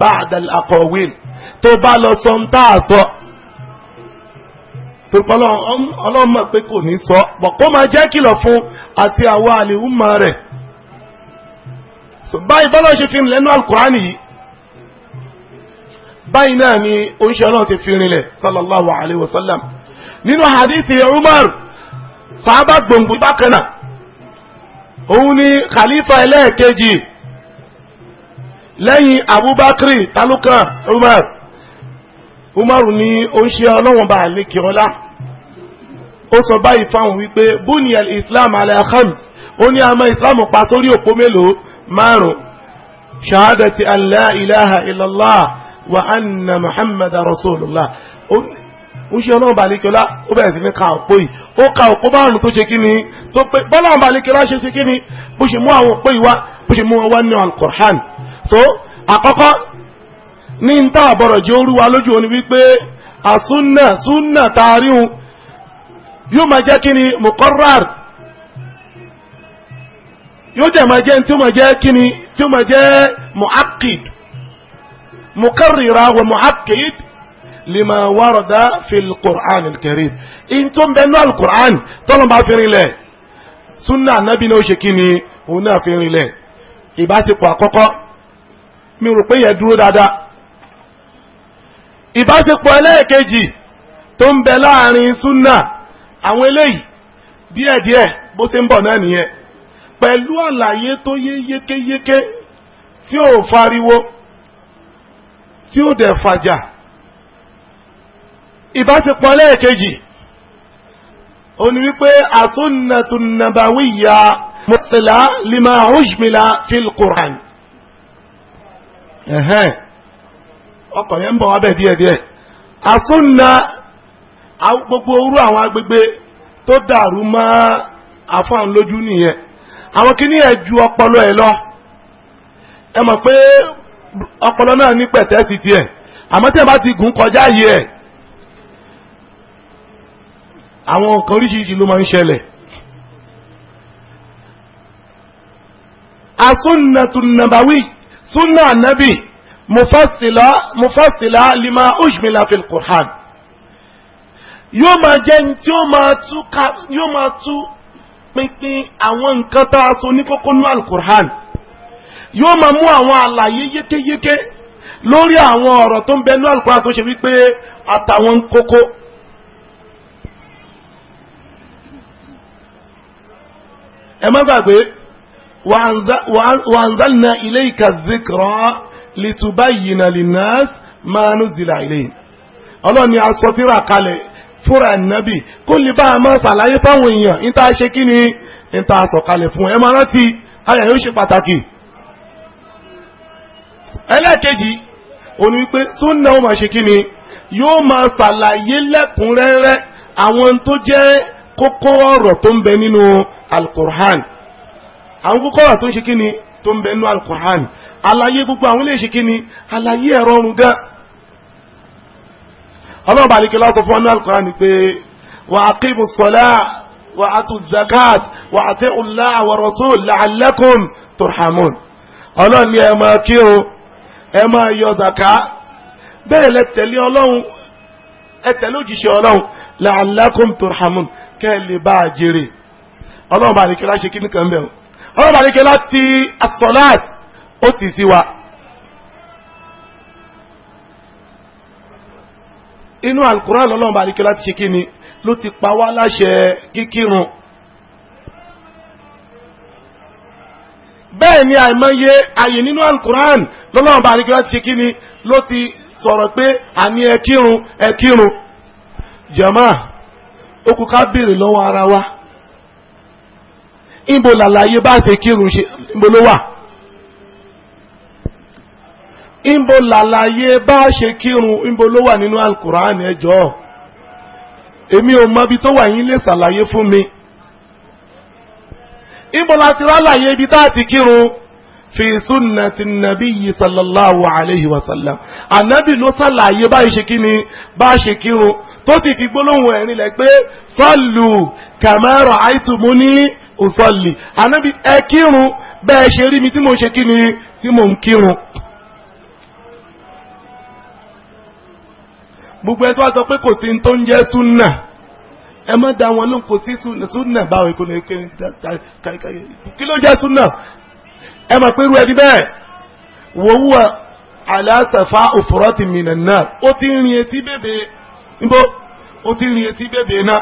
ba'da al-aqawil tó bá lọ sọ ń tà sọ torípa ọlọ́run mọ̀ pé kò ní sọ bọ̀ kó máa jẹ́ kìlọ̀ fún àti àwọn àlè báyìí bọ́lá ṣe fi rinlẹ̀ nínú alukurani yìí báyìí náà ni oníṣẹ́ ọlọ́run ti fi rinlẹ̀ sallallahu alayhi wa sallam nínú hadithi umar sàábà gbòǹgbò bákanà òun ni khalifa ẹlẹ́ẹ̀kejì lẹ́yìn abubakar taluka umar umar ni oníṣẹ́ ọlọ́run bá àlékè ọlá ó sọ báyìí fáwọn wípé buniyal islam ala khams ó ní àmọ́ ìsìlámù pa sórí òpó mélòó márùn ṣahadati an la ilaha illallah wa anna muhammad rasulullah ó ṣe ọlọ́run balẹ̀kọ́lá ó bẹ̀rẹ̀ sí ní ka òpó yìí ó ka òpó márùn tó ṣe kíni tó pé bọ́lá balẹ̀kọ́lá ṣe sí kíni bó ṣe mú àwọn òpó yìí wá bó ṣe mú wọn wá ní alukur'an so àkọ́kọ́ ní n tá àbọ̀rọ̀ jẹ́ orúwa lójú òní wípé àsúnà súnà tààríhun yóò máa jẹ́ kíni muqarrar yóò dẹ̀ máa jẹ́ tí ó máa jẹ́ kíni tí ó máa jẹ́ mu'aqqid mukarrira wa mu'aqqid lima warada fil qur'an al-karim in tó ń bẹ nú al-qur'an tọ́lọ́ bá fi rinlẹ̀ sunna anabi náà ó ṣe kíni òun náà fi rinlẹ̀ ìbáṣepọ̀ àkọ́kọ́ mi rò pé yẹn dúró dáadáa ìbáṣepọ̀ ẹlẹ́ẹ̀kejì tó ń bẹ láàrin sunna àwọn eléyìí díẹ̀díẹ̀ bó ṣe ń bọ̀ náà nìyẹn. pẹ̀lú àlàyé tó yé yékéyéké tí o fariwo tí ò dẹ̀ fàjà ìbáṣepọ̀ lẹ́ẹ̀kejì ó ní wípé as-sunnatu an-nabawiyya mọ̀tẹ́lá lima ujmila fil Qur'an ọkọ̀ yẹn ń bọ̀ wábẹ̀ díẹ̀díẹ̀ as gbogbo orú àwọn agbègbè tó dàrú mọ́ afọ lójú nìyẹn. àwọn kìíní ẹ̀ ju ọpọlọ ẹ̀ lọ ẹ mọ̀ pé ọpọlọ náà ní pẹ̀tẹ́sì tiẹ̀ àmọ́ tí ẹ bá ti gùn kọjá yìí ẹ̀ àwọn nǹkan oríṣiríṣi ló máa ń ṣẹlẹ̀. asúnnàtún nàbàwí ànábì mufassila lima ujmila fil qur'an yóò máa jẹ́ tí yóò máa tú pinpin àwọn nǹkan tá a sọ ní kókó ní alukur'an yóò máa mú àwọn àlàyé yékéyéké lórí àwọn ọ̀rọ̀ tó ń bẹ ní alukur'an tó ṣe wípé àtàwọn kókó. ẹ má gbàgbé wa anzalna ilayka dhikra litubayyina linnas ma nuzila ilayhim ọlọ́ni asọ́tìrà kalẹ̀ fúnra nàbì kó lè bá a máa ṣàlàyé fáwọn èèyàn níta ṣe kí ni níta sọ̀kalẹ̀ fún ẹ máa rántí ayà yóò ṣe pàtàkì. ẹlẹ́ẹ̀kejì òní wípé súnà ó máa ṣe kí ni yóò máa ṣàlàyé lẹ́kùnrẹ́rẹ́ àwọn tó jẹ́ kókó ọ̀rọ̀ tó ń bẹ nínú alukur'an àwọn kókó ọ̀rọ̀ tó ń ṣe kí ni tó ń bẹ nínú alukur'an àlàyé gbogbo àwọn lè ṣe kí ni àlàyé ẹ̀rọ ọ̀run gan-an ọlọ́run bá àlekè lọ́sọ fún ọ́nà àlùkò ni pé wà á kí mu sọ́lá wà á tu zakat wà á tẹ ọ̀là àwọ̀rọ̀tò làálẹ́kùn tòhámùn ọlọ́run ni ẹ máa kí o ẹ máa yọ zaka bẹ́ẹ̀ lẹ tẹ̀lé ọlọ́run ẹ tẹ̀lé òjíṣẹ́ ọlọ́run làálẹ́kùn tòhámùn kẹ́ ẹ lè bá a jèrè ọlọ́run bá àlekè láṣẹ kí nìkan bẹ́ẹ̀ ọlọ́run bá àlekè láti asọ́láàt ó tì sí wa. inú alukuran lọ́lọ́run bá alikẹ́ láti ṣe kí ni ló ti pa wá láṣẹ kíkírun. bẹ́ẹ̀ ni àìmọye àyè nínú alukuran lọ́lọ́run bá alikẹ́ láti ṣe kí ni ló ti sọ̀rọ̀ pé àní ẹ kírun jama ó kú ká béèrè lọ́wọ́ ara wa. ibo làlàyé bá ṣe kírun ṣe ibo ló wà ìbò làlàyé bá ṣe kírun ìbò ló wà nínú alukur'an ẹjọ́ èmi ò mọ ibi tó wà yín lè ṣàlàyé fún mi ìbò láti rálàyé ibi tá a ti kírun fi sunnati nabiyyi sallallahu alayhi wa sallam ànábì ló ṣàlàyé bá ṣe kí bá ṣe kírun tó ti fi gbólóhùn ẹ̀rin lẹ̀ pé sọ́ọ̀lù kàmẹ́rọ̀ àìtùmú ní òsọ̀lì ànábì ẹ kírun bẹ́ẹ̀ ṣe rí mi tí mo ṣe kí tí mo ń kírun. gbogbo ẹ tó wá sọ pé kò sí ní tó ń jẹ́ súnà ẹ má da wọn lóhùn kò sí súnà báwo kò lè ké kí ló jẹ́ súnà ẹ mọ̀ pé irú ẹni bẹ́ẹ̀ wò wúwa aláṣàfà òfurọ́ ti mìíràn náà ó ti ń etí bèbè níbo ó ti ń etí bèbè náà.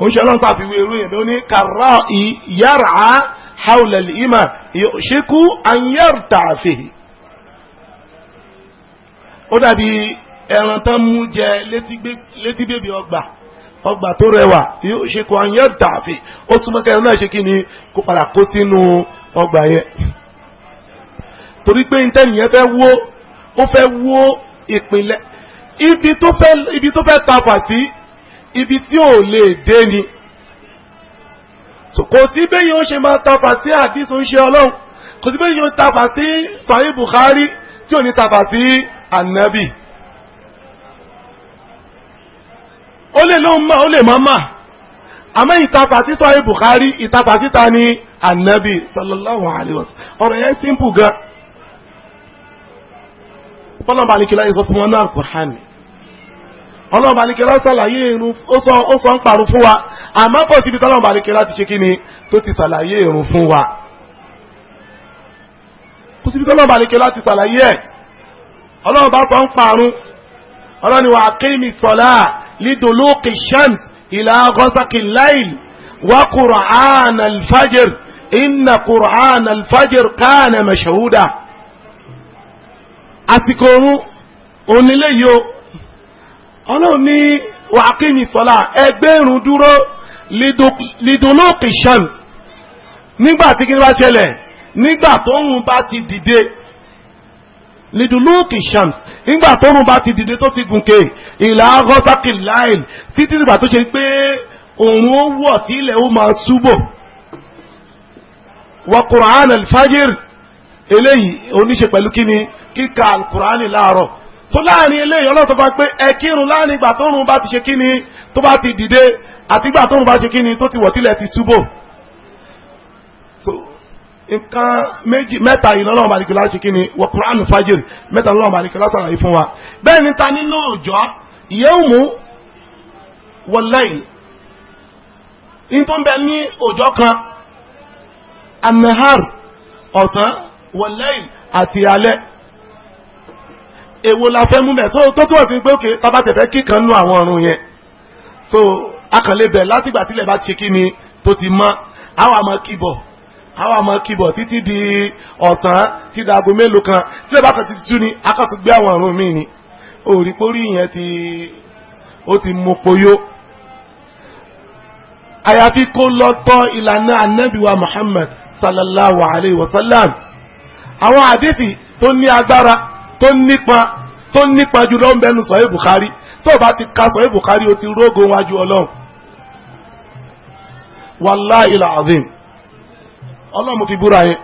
oúnjẹ náà tàbí wí irú yẹn ló ní kàrá yàrá hàwlẹ̀ lìímà yòóṣekú anyẹ́rù tààfẹ́ ó dàbí ẹran tán mú jẹ létí bèbè ọgbà ọgbà tó rẹwà yóò ṣe kó àyàn dàfẹ́ ó súnmọ́ kẹrin náà ṣe kí ni kó padà kó sínú ọgbà yẹn torí pé ntẹ́nìyẹn fẹ́ wó ó fẹ́ wó ìpìlẹ̀ ibi tó fẹ́ ibi tó fẹ́ tapà sí ibi tí ò lè dé ni kò sí bẹ́yìn ó ṣe máa tapà sí àdìsó ń ṣe ọlọ́run kò sí bẹ́yìn ó tapà sí Sahih Bukhari tí ò ní tapà sí ànábì ó lè lóun mọ̀ ó lè mọ̀ mọ̀ àmọ́ ìtapà títọ́ ayé Bukhari ìtapà títa ni ànábì sallallahu alayhi wa sallam ọ̀rọ̀ yẹn simple gan bọ́lọ̀bà ní kílá ìsọ fún wọn náà Kùránì ọlọ́ọ̀bà ní kílá sàlàyé irun ó sọ ń parun fún wa àmọ́ pọ̀ síbi tọ́lọ̀bà ní kílá ti ṣe kí ni tó ti sàlàyé irun fún wa kò síbi tọ́lọ̀bà ní kílá ti sàlàyé ẹ̀ ọlọ́run bá kọ́ ń parun ọlọ́run ni wà á kí mi sọ̀lá liduluki shams ìlà ghasaqi al-layl wa qur'an al-fajr inna qur'an al-fajr kana mashhuda. àsìkò oorun onílé yìí o ọlọ́run ní wà á kí mi dúró liduluki shams nígbà tí kí ni bá ṣẹlẹ̀ nígbà tó ń bá ti dìde liduluki shams nígbà tó rùn bá ti dìde tó ti gùnkè ìlà rọ́sákì láìl títí nígbà tó ṣe pé òun ó wọ̀ tí ilẹ̀ ó máa súbò wa quran alfajir eléyìí oníṣe pẹ̀lú kíni kíka alquran láàárọ̀ tó láàrin eléyìí ọlọ́tọ̀ bá pé ẹ kírun láàrin ìgbà tó rùn bá ti ṣe kíni tó bá ti dìde àti ìgbà tó rùn bá ṣe kíni tó ti wọ̀ tílẹ̀ ti súbò nǹkan méjì mẹ́ta ìlọ́lọ́wọ́ màlìkì láti kí ni wọ Quran fajr mẹ́ta ìlọ́lọ́wọ́ màlìkì láti àlàyé fún wa bẹ́ẹ̀ ni ta nínú òòjọ́ yawmu wal layl in tó ń bẹ ní òòjọ́ kan anahar ọ̀tán wal layl àti alẹ́ èwo la fẹ́ mú mẹ́ tó tó wà sí pé òkè tá tẹ̀fẹ́ kíkan nú àwọn ọ̀run yẹn so akànlẹ̀ bẹ̀ látìgbà tílẹ̀ bá ti ṣe kí ni tó ti mọ́ àwọn àmọ́ kíbọ̀ àwọn àmọ́ kíbọ̀ títí di ọ̀sán ti aago mélòó kan tí ẹ bá kàn títí tú ni akọ́tún gbé àwọn àrùn míì ni òòrí pórí yẹn ti ó ti mú poyó. àyàfi kó lọ tọ́ ìlànà anábìwa Muhammad sallallahu alayhi wa sallam àwọn àdéhìí tó ní agbára tó nípa tó nípa jùlọ ń bẹnu sọ̀rọ̀ Bukhari tó o bá ti ka sọ̀rọ̀ Bukhari o ti rógo wájú Ọlọ́run wàláhìí làzim ọlọ́run mo fi búra yẹn.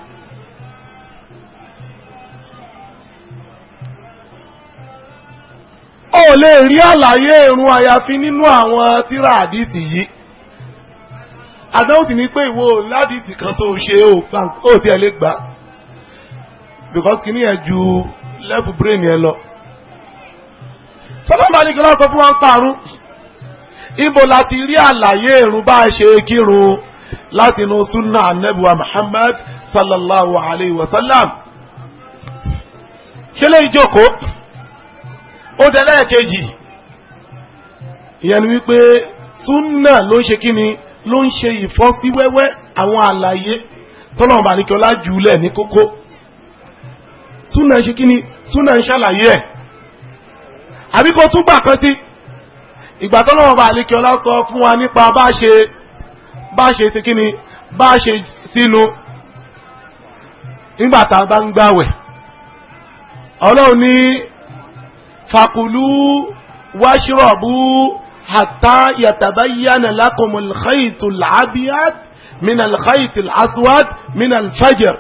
ó lè rí àlàyé irun àyàfi nínú àwọn tíra àdìsí yìí àdáhùn sì ni pé ìwọ ládìsí kan tó ṣe ó tiẹ̀ lè gbà because kìíní yẹn ju lẹ́bù brain yẹn lọ. sọlọ́mà ní kí wọ́n sọ fún wọn parun ibo la ti rí àlàyé irun bá a ṣe kírun láti inú sunna anabiwa muhammad sallallahu alayhi wa sallam. kílẹ̀ ìjókòó ó dẹ́lẹ́ kejì ìyẹn ni wípé sunna ló ń ṣe kí ni ló ń ṣe ìfọ́síwẹ́wẹ́ àwọn àlàyé tọ́lọ́mù àríkọ́lá jùlẹ̀ ní kókó súnà ń ṣe kí ni súnà ń ṣàlàyé ẹ̀ àbí tún gbà kan sí ìgbà tọ́lọ́mù àríkọ́lá sọ fún wa nípa bá ṣe bá ṣe ti kí ni bá ṣe sínú nígbà tá a bá ń gbàwẹ̀ ọlọ́run ní fàkùlù wáṣírọ̀bù hàtà yàtàbáyánà lákòmù lxayitu làbíyàt mina lxayitu làswad mina lfajr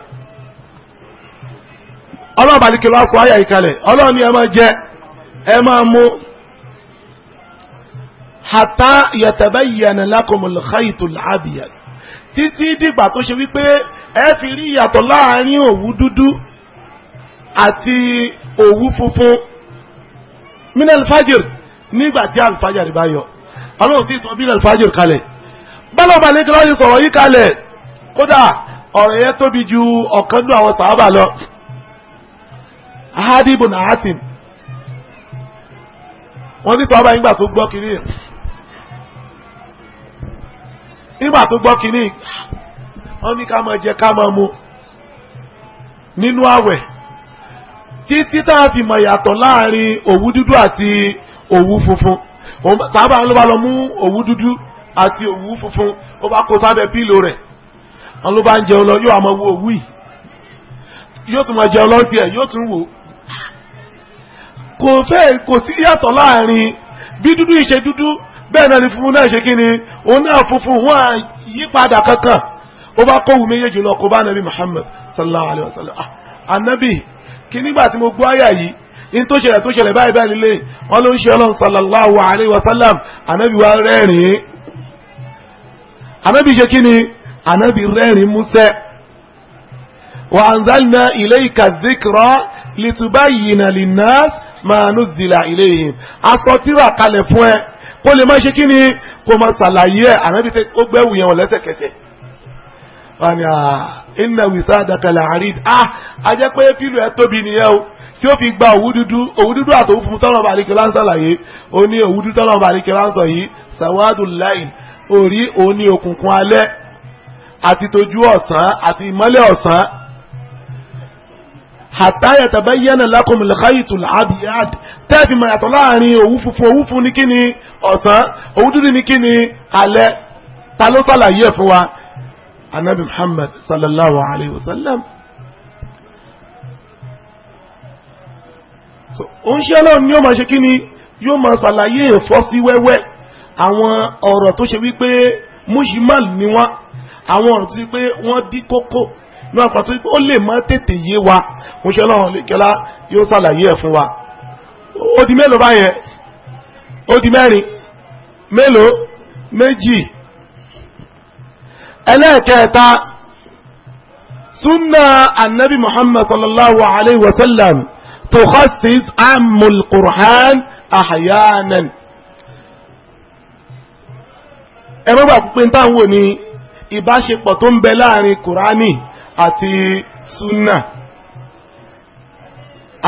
ọlọ́run bàlíkì lọ́wọ́ sọ ayà ìkàlẹ̀ ọlọ́run ní ẹ máa jẹ ẹ máa mu hata yatabayyana lakumul khaytul abyad títí dìgbà tó ṣe wípé ẹ fi rí ìyàtọ̀ láàrin òwú dúdú àti òwú funfun min alfajir nígbà tí alfajir bá yọ ọlọ́run ti sọ min alfajir kalẹ̀ bálọ̀bà lè kíláàsì sọ̀rọ̀ yìí kalẹ̀ kódà ọ̀rọ̀ yẹn tóbi ju ọ̀kan nú àwọn sàábà lọ ahadibun ahatim wọ́n ti sọ ọba tó gbọ́ kiri nígbà tó gbọ́ kínní wọ́n ní ká máa jẹ ká máa mu nínú àwẹ̀ títí tá a fi mọ̀ yàtọ̀ láàrin òwú dúdú àti òwú funfun tàbá ló bá lọ mú òwú dúdú àti òwú funfun ó bá kó sábẹ́ pílò rẹ̀ wọ́n ló bá ń jẹun lọ yóò àmọ́ wo òwú yìí yóò tún máa jẹun lọ tiẹ̀ yóò tún wò kò fẹ́ kò sí yàtọ̀ láàrin bí dúdú yìí ṣe dúdú bẹ́ẹ̀ náà ni funfun náà ṣe kí ni òun náà funfun wọn àyípadà kankan ó bá kó wùmí yéjì lọ kó bá nàbí Muhammad sallallahu alayhi wa sallam anabi ah, kí nígbà tí mo gbọ́ àyà yìí in tó ṣẹlẹ̀ tó ṣẹlẹ̀ báyìí báyìí lè wọn ló ń ṣe ọlọ́run sallallahu alayhi wa sallam anabi wa rẹ́rìn-ín anabi ṣe kí ni anabi rẹ́rìn-ín músẹ́ wa anzalna ilayka dhikra litubayyina linnas ma nuzzila ilayhim asọ́tìrà kalẹ̀ fún ẹ kó lè má ṣe kí ni kó máa ṣàlàyé ẹ̀ ànábi tẹ kó gbẹ́wù yẹn wọ̀ lẹ́sẹ̀kẹsẹ̀. wọ́n ní iná wìsá àdàkàlà àríd a ajẹ́ pé pílù ẹ tóbi nìyẹn o tí ó fi gba òwú dúdú òwú dúdú àtòwú funfun tọ́lọ̀ bá àríkẹ́ láńsọ̀ láyé ó ní òwú dúdú tọ́lọ̀ bá àríkẹ́ láńsọ̀ yìí sàwádù láì orí òní òkùnkùn alẹ́ àti tójú ọ̀sán àti ìmọ́lẹ̀ ọ̀sán. hatta yatabayyana lakum al tẹ́ẹ̀fì mọ̀ yàtọ̀ láàrin òwú funfun òwú funfun ní kíni ọ̀sán òwú dúdú ní kíni alẹ́ ta ló sàlàyé ẹ̀ fún wa anabi muhammad sallallahu alayhi wa sallam. oúnjẹ náà ni yóò máa ṣe kíni yóò máa sàlàyé ìfọ́sí wẹ́wẹ́ àwọn ọ̀rọ̀ tó ṣe wípé mushimal ni wọ́n àwọn ọ̀rọ̀ tó ṣe pé wọ́n dí kókó ní àpàtó ó lè má tètè yé wa oúnjẹ náà lè kẹ́lá yóò sàlàyé ẹ̀ fún wa ó di mélòó báyẹn ó di mẹ́rin mélòó méjì ẹlẹ́ẹ̀kẹta sunna annabi muhammad sallallahu alayhi wa sallam tukhassis amul qur'an ahyanan ẹ̀rọ gbà pípé ń táwọn wò ní ìbáṣepọ̀ tó ń bẹ láàrin kùránì àti súnà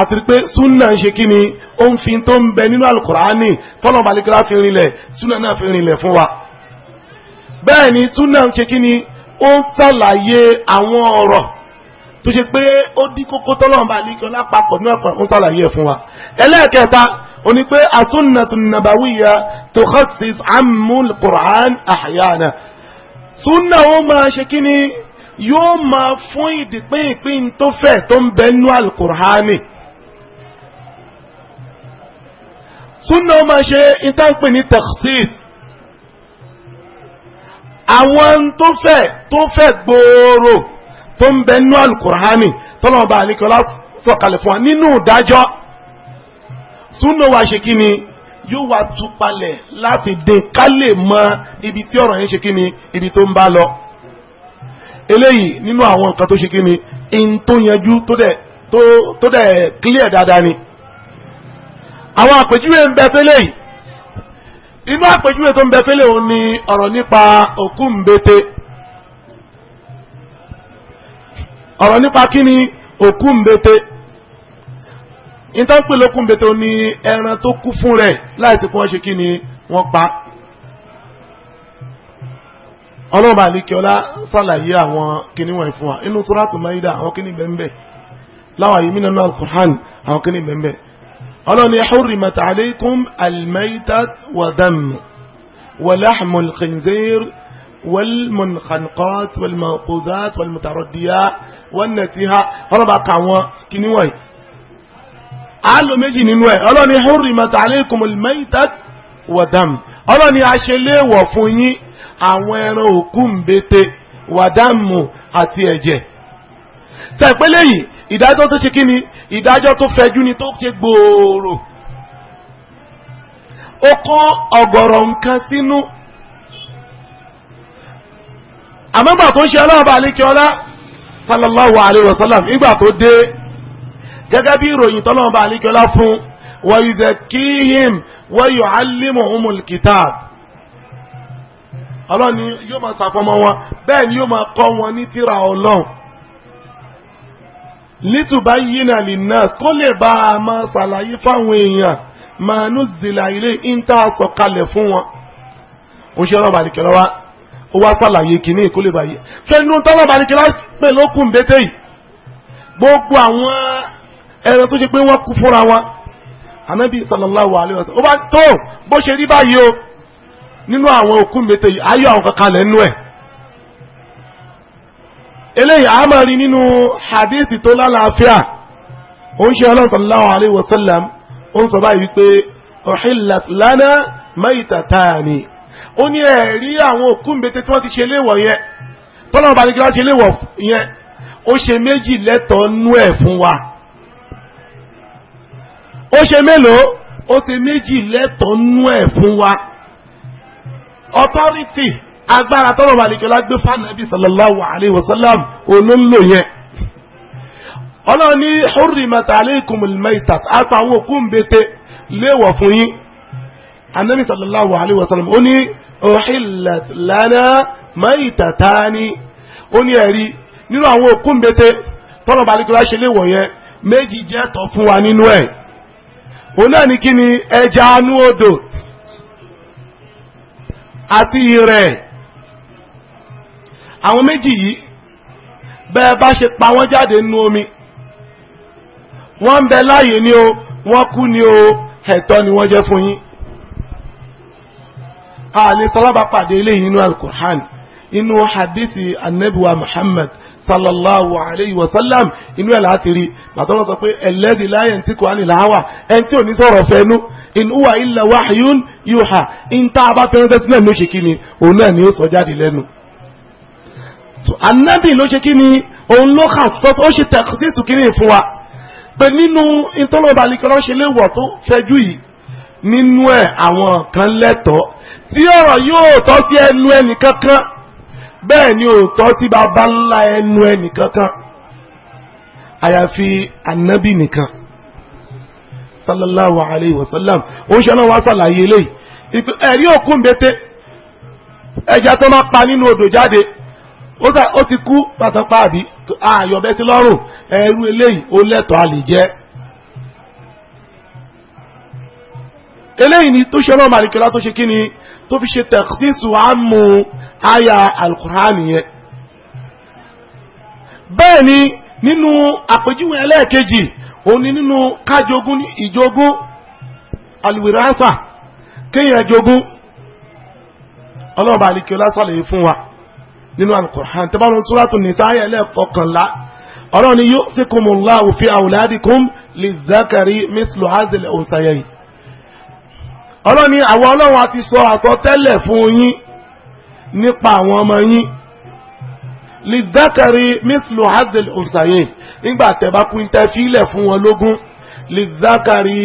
àti pé súnà ń ṣe kí ni ó ń fi tó ń bẹ nínú alukurani tọ́nà balẹ̀kẹ́lá fi rinlẹ̀ súnà náà fi rinlẹ̀ fún wa. bẹ́ẹ̀ ni súnà ń ṣe kí ni ó ń ṣàlàyé àwọn ọ̀rọ̀ tó ṣe pé ó dín kókó tọ́nà balẹ̀kẹ́lá papọ̀ nínú alukurani ń ṣàlàyé fún wa. ẹlẹ́ẹ̀kẹta ó ní pé asúnnàtù nàbàwíyà tó khassis amúl quran àhàyàna súnà ó máa ṣe kí ni yóò máa fún ìdìpín ìpín tó fẹ̀ tó ń bẹ nínú alukurani. súnà ó máa ṣe ìtànpè ní takhsis àwọn tó fẹ̀ tó fẹ̀ gbòòrò tó ń bẹ nú alukur'ani tọ́lọ́mọba àlekọ́lá sọ̀kalẹ̀ fún wa nínú ìdájọ́ súnà wa ṣe kí ni yóò wá tú palẹ̀ láti dín ká lè mọ ibi tí ọ̀rọ̀ yẹn ṣe kí ni ibi tó ń bá lọ. eléyìí nínú àwọn nǹkan tó ṣe kí ni in tó yanjú tó dẹ̀ clear dáadáa ni àwọn àpèjúwe ń bẹ fẹ́lẹ̀ yìí inú àpèjúwe tó ń bẹ fẹ́lẹ̀ òun ni ọ̀rọ̀ nípa òkú mbete ọ̀rọ̀ nípa kí ni òkú mbete ìtàn pèlè òkú mbete òun ni ẹran tó kú fún rẹ̀ láì tí wọ́n ṣe kí ni pa ọlọ́ọ̀bà àlekíọ́lá sàlàyé àwọn kíní wọ̀nyí fún wa inú Suratul àwọn kíní bẹ́ẹ̀ bẹ́ẹ̀ láwọn àyè mí nínú Al-Qur'an àwọn kíní bẹ́ẹ̀ bẹ́ẹ̀ ọlọ́ni hurrimat alaykum almaitat wadam walahmul khinzir walmunqanqat walmanqudat walmutaraddiya wannatiha ọlọ́ba kà wọ́n kíní wọ̀nyí. àálò méjì nínú ẹ̀ ọlọ́ni hurrimat alaykum almaitat wadam ọlọ́ni aṣeléwọ̀ fún yín àwọn ẹran òkú ń bété wàdámù àti ẹ̀jẹ̀. sẹ́pẹ́lẹ́ ìdájọ́ tó ṣe kí ni ìdájọ́ tó fẹjú ni tó ṣe gbòòrò ó kọ́ ọ̀gọ̀rọ̀ nǹkan sínú àmọ́gbà tó ń ṣe ọlọ́ọ̀bà alékiọlá sallallahu alayhi wa sallam nígbà tó dé gẹ́gẹ́ bí ìròyìn tọ́lọ́ọ̀bà alékiọlá fún wa yuzakkihim wa yu'allimuhumul kitab ọlọ́ni yóò máa sàpọ̀mọ́ wọn bẹ́ẹ̀ ni yóò máa kọ́ wọn ní tírà ọlọ́run lítùbá yínà lè náà kó lè bá a máa ṣàlàyé fáwọn èèyàn máa ló zèlà ilé íńtà sọ̀kalẹ̀ fún wọn. ó ṣe ọlọ́ba àdìkẹ́lá wa ó wá ṣàlàyé kìíní kó lè bá yé fẹ́nu tọ́lọ́ba àdìkẹ́lá pè lókùn bété yìí gbogbo àwọn ẹran tó ṣe pé wọ́n kú fúnra wọn anabi sallallahu alayhi wa sallam ó bá tó bó ṣe rí báyìí o nínú àwọn òkú bété yìí ayé àwọn kankan lẹ́nu ẹ̀ eléyìí a máa rí nínú hadith tó lálàáfíà ó ń ṣe ọlọ́run sallallahu alayhi wa sallam ó ń sọ báyìí wípé uhillat lana maytatani ó ní ẹ̀rí àwọn òkú mbete tí wọ́n ti ṣe léwọ̀ yẹn tọ́lọ́mọ bá ní kí wọ́n ṣe léwọ̀ yẹn ó ṣe méjì lẹ́tọ̀ọ́ nú ẹ̀ fún wa ó ṣe mélòó ó ṣe méjì lẹ́tọ̀ọ́ nú ẹ̀ fún wa authority agbára tọ́lọ̀ balẹ̀kẹ́lá gbé fánàbí sallallahu alayhi wa sallam olóńlò yẹn ọlọ́run ní hurrimat alaykum al-maytat apá àwọn òkú ń bete léèwọ̀ fún yín anabi sallallahu alayhi wa sallam ó ní uhillat lana maytatani ó ní ẹ̀rí nínú àwọn òkú ń bete tọ́lọ̀ balẹ̀kẹ́lá ṣe léèwọ̀ yẹn méjì jẹ́ tọ́ fún wa nínú ẹ̀ òun náà ní kí ni ẹja anú odò àti ìrẹ̀ àwọn méjì yìí bẹ́ẹ̀ bá ṣe pa wọ́n jáde nínú omi wọ́n ń bẹ láàyè ni o wọ́n kú ni o ẹ̀tọ́ ni wọ́n jẹ́ fún yín a lè pàdé eléyìí nínú alukur'an inú hadithi anabiwa muhammad sallallahu alayhi wa sallam inú ẹ̀ láti rí màtọ́lọ́ sọ pé ẹlẹ́dì láyé ntí kò ánì láwà ẹn tí ò ní sọ̀rọ̀ fẹ́nu in huwa illa wahyun yuha in tá a bá fẹ́ràn tẹ́sí náà ní oṣù kìíní òun náà ni ó sọ jáde lẹ́nu anabi ló ṣe kí ni òun ló hàn sọ́tọ̀ ó ṣe tẹ̀síṣù kí ni fún wa pé nínú ìtọ́lọ́ba alikọ́lá ṣe léwọ̀ tó fẹjú yìí nínú ẹ̀ àwọn kan lẹ́tọ̀ọ́ tí ọ̀rọ̀ yóò tọ́ sí ẹnu ẹnì kankan bẹ́ẹ̀ ni òótọ́ tí baba ńlá ẹnu ẹnì kankan àyàfi anabi nìkan sallallahu alayhi wa sallam ó ń ṣe náà wá sàlàyé eléyìí ẹ̀rí òkú ń bété ẹja tó máa pa nínú odò jáde ó ti kú pàtàkì àbí àyọ̀bẹ ti lọ́rùn ẹrú eléyìí ó lẹ́tọ̀ọ́ a lè jẹ. eléyìí ni tó ṣe ọlọ́run àríkẹ́lá tó ṣe kí ni tó fi ṣe tẹ̀síṣù àmú àyà alukur'an yẹn. bẹ́ẹ̀ ni nínú àpèjúwe ẹlẹ́ẹ̀kejì òun ni nínú kájogún ìjogún alwirasa kéèyàn jogún ọlọ́run àríkẹ́lá sàlẹ̀ fún wa nínú alukur'an tẹ́ bá lọ suratu nisa ayé ẹlẹ́kọ̀ọ́kànlá ọ̀rọ̀ ni yusikumullahu fi awladikum lizakari mislu hazil ọ̀sàyẹ̀yìn ọ̀rọ̀ ni àwọn ọlọ́run àti sọ àsọtẹ́lẹ̀ fún yín nípa àwọn ọmọ yín lizakari mislu hazil ọ̀sàyẹ̀yìn nígbà tẹ́ bá kún tẹ́ fún wọn lógún lizakari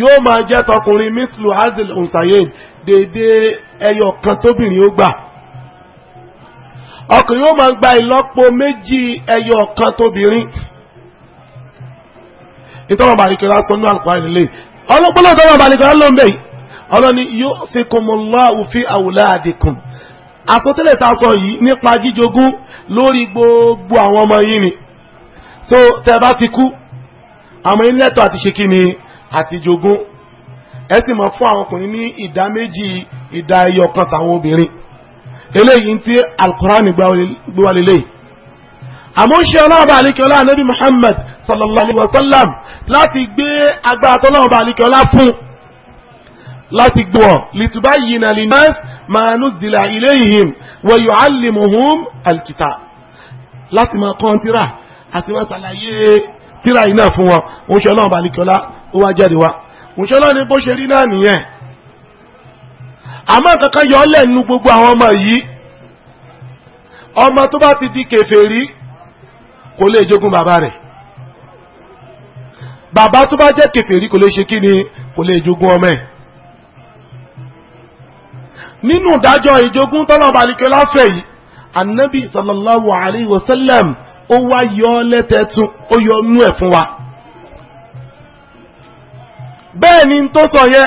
yóò máa jẹ́ tọkùnrin mislu hazil ọ̀sàyẹ̀yìn ọkùnrin ó máa ń gba ìlọ́po méjì ẹyọ kan tóbìnrin ìtọ́wọ́ bàríkẹ́lá sọ ní àlùkò àìlè ọlọ́pọ̀lọ́ ìtọ́wọ́ bàríkẹ́lá ló ń bẹ̀ yìí ọlọ́ni yóò ṣe kò mọ̀ lọ́wọ́ fi àwòlá àdìkùn àsọtẹ́lẹ̀ tá a sọ yìí nípa jíjogún lórí gbogbo àwọn ọmọ yìí ni so tẹ́ bá ti kú àmọ́ yín lẹ́tọ̀ọ́ àti ṣe kí ni àti jogún ẹ sì mọ̀ fún àwọn ọkùnrin ní ìdá méjì ìdá ẹyọ tàwọn obìnrin eléyìí tí alukur'an gbé wa lélẹ̀ àmọ́ ń ṣe ọlọ́ọ̀bà àlekẹ́ọ́lá anabi muhammad sallallahu alayhi wa sallam láti gbé agbára tọ́lọ́ọ̀bà àlekẹ́ọ́lá fún láti gbọ́ litubayyina linnas ma nuzila ilayhim wa yu'allimuhum alkitab láti máa kọ́ tíra àti wọ́n ṣàlàyé tíra yìí náà fún wọn òun ṣe ọlọ́ọ̀bà àlekẹ́ọ́lá ó wá jáde wá òun ṣe ọlọ́ọ̀ni àmọ́ kankan yọ lẹ́nu gbogbo àwọn ọmọ yìí ọmọ tó bá ti di kèfèrí kò lè jogún bàbá rẹ̀ bàbá tó bá jẹ́ kèfèrí kò lè ṣe kí ni kò lè jogún ọmọ ẹ̀ nínú ìdájọ́ ìjogún tọ́lọ̀ balùkẹ́ láfẹ̀ yìí anabi sallallahu alayhi wa sallam ó wá yọ lẹ́tẹ̀ẹ́tún ó yọ nú ẹ̀ fún wa bẹ́ẹ̀ ni tó sọ yẹ